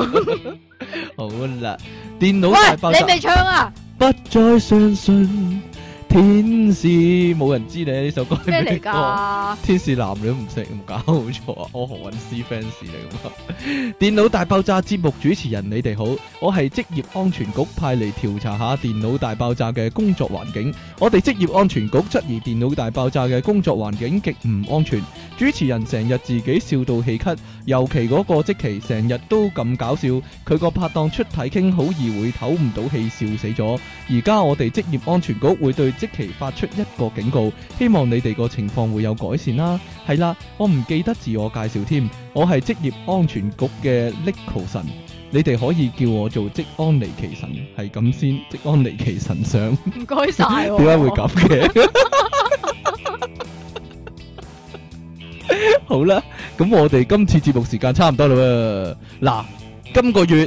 好啦，電腦大包。喂，你未唱啊？不再相信天使。冇人知你呢首歌係咩嚟噶？天使男女唔識，唔搞錯啊！我係何韻詩 fans 嚟㗎。電腦大爆炸節目主持人，你哋好，我係職業安全局派嚟調查下電腦大爆炸嘅工作環境。我哋職業安全局質疑電腦大爆炸嘅工作環境極唔安全。主持人成日自己笑到氣咳，尤其嗰個積淇成日都咁搞笑，佢個拍檔出體 king 好易會唞唔到氣笑死咗。而家我哋職業安全局會對積淇發出一個警告，希望你哋個情況會有改善啦。係啦，我唔記得自我介紹添，我係職業安全局嘅 i 匿桃神，你哋可以叫我做職安離奇神，係咁先。職安離奇神相。唔該晒。點解會咁嘅？ 好啦，咁我哋今次節目時間差唔多啦嗱，今個月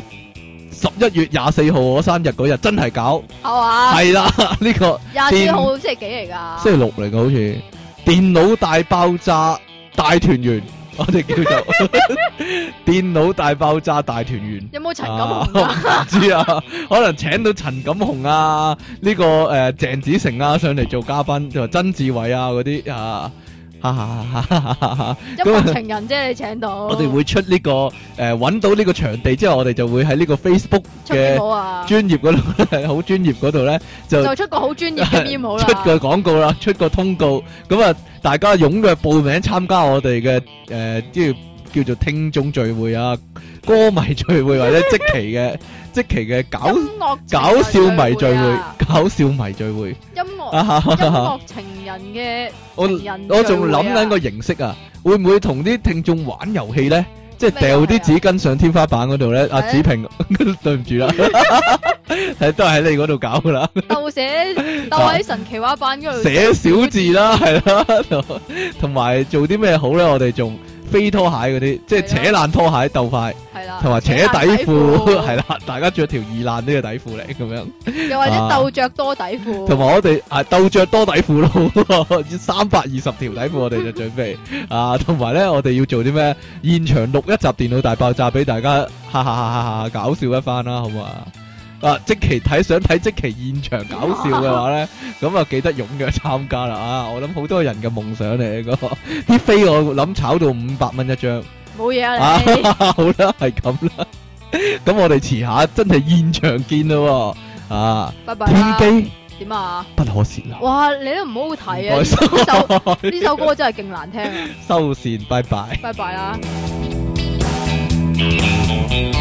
十一月廿四號嗰三日嗰日真係搞，係嘛、oh yeah.？啦、這個，呢個廿四號星期幾嚟噶？星期六嚟噶，好似電腦大爆炸大團圓，我哋叫做 電腦大爆炸大團圓。有冇陳錦鴻？唔知啊，啊知 可能請到陳錦鴻啊，呢、這個誒鄭子誠啊上嚟做嘉賓，就曾志偉啊嗰啲啊。嚇嚇嚇嚇嚇嚇嚇！一個、 嗯、情人啫，你請到？ 我哋會出呢、這個誒揾、呃、到呢個場地之後，我哋就會喺呢個 Facebook 嘅專， 專業嗰度，好專業嗰度咧，就就出個好專業嘅 email 出個廣告啦，出個通告，咁、嗯、啊，大家踴躍報名參加我哋嘅誒，即、呃、係叫做聽眾聚會啊，歌迷聚會或者積淇嘅。 即期嘅搞笑搞笑迷聚會，搞笑迷聚會，音樂樂情人嘅，我我仲諗緊個形式啊，會唔會同啲聽眾玩遊戲咧？即係掉啲紙巾上天花板嗰度咧。阿子平，對唔住啦，係都係喺你嗰度搞噶啦。鬥寫鬥喺神奇畫板嗰度寫小字啦，係啦，同同埋做啲咩好咧？我哋仲。飛拖鞋嗰啲，即係扯爛拖鞋鬥快，係啦，同埋扯底褲，係啦， 大家着條二爛呢個底褲嚟，咁樣，又或者鬥着多底褲，同埋、啊、我哋啊鬥着多底褲咯，三百二十條底褲我哋就準備， 啊，同埋咧我哋要做啲咩？現場錄一集電腦大爆炸俾大家，哈哈哈哈搞笑一番啦，好唔好啊？啊！即期睇想睇即期現場搞笑嘅話咧，咁啊就記得踴躍參加啦啊！我諗好多人嘅夢想嚟個，啲、啊、飛我諗炒到五百蚊一張，冇嘢啊，啊！好啦，係咁啦，咁、啊、我哋遲下真係現場見咯喎啊！拜拜，天機點啊？不可泄露。哇！你都唔好睇啊！呢首呢首歌真係勁難聽。收線，拜拜。拜拜啦。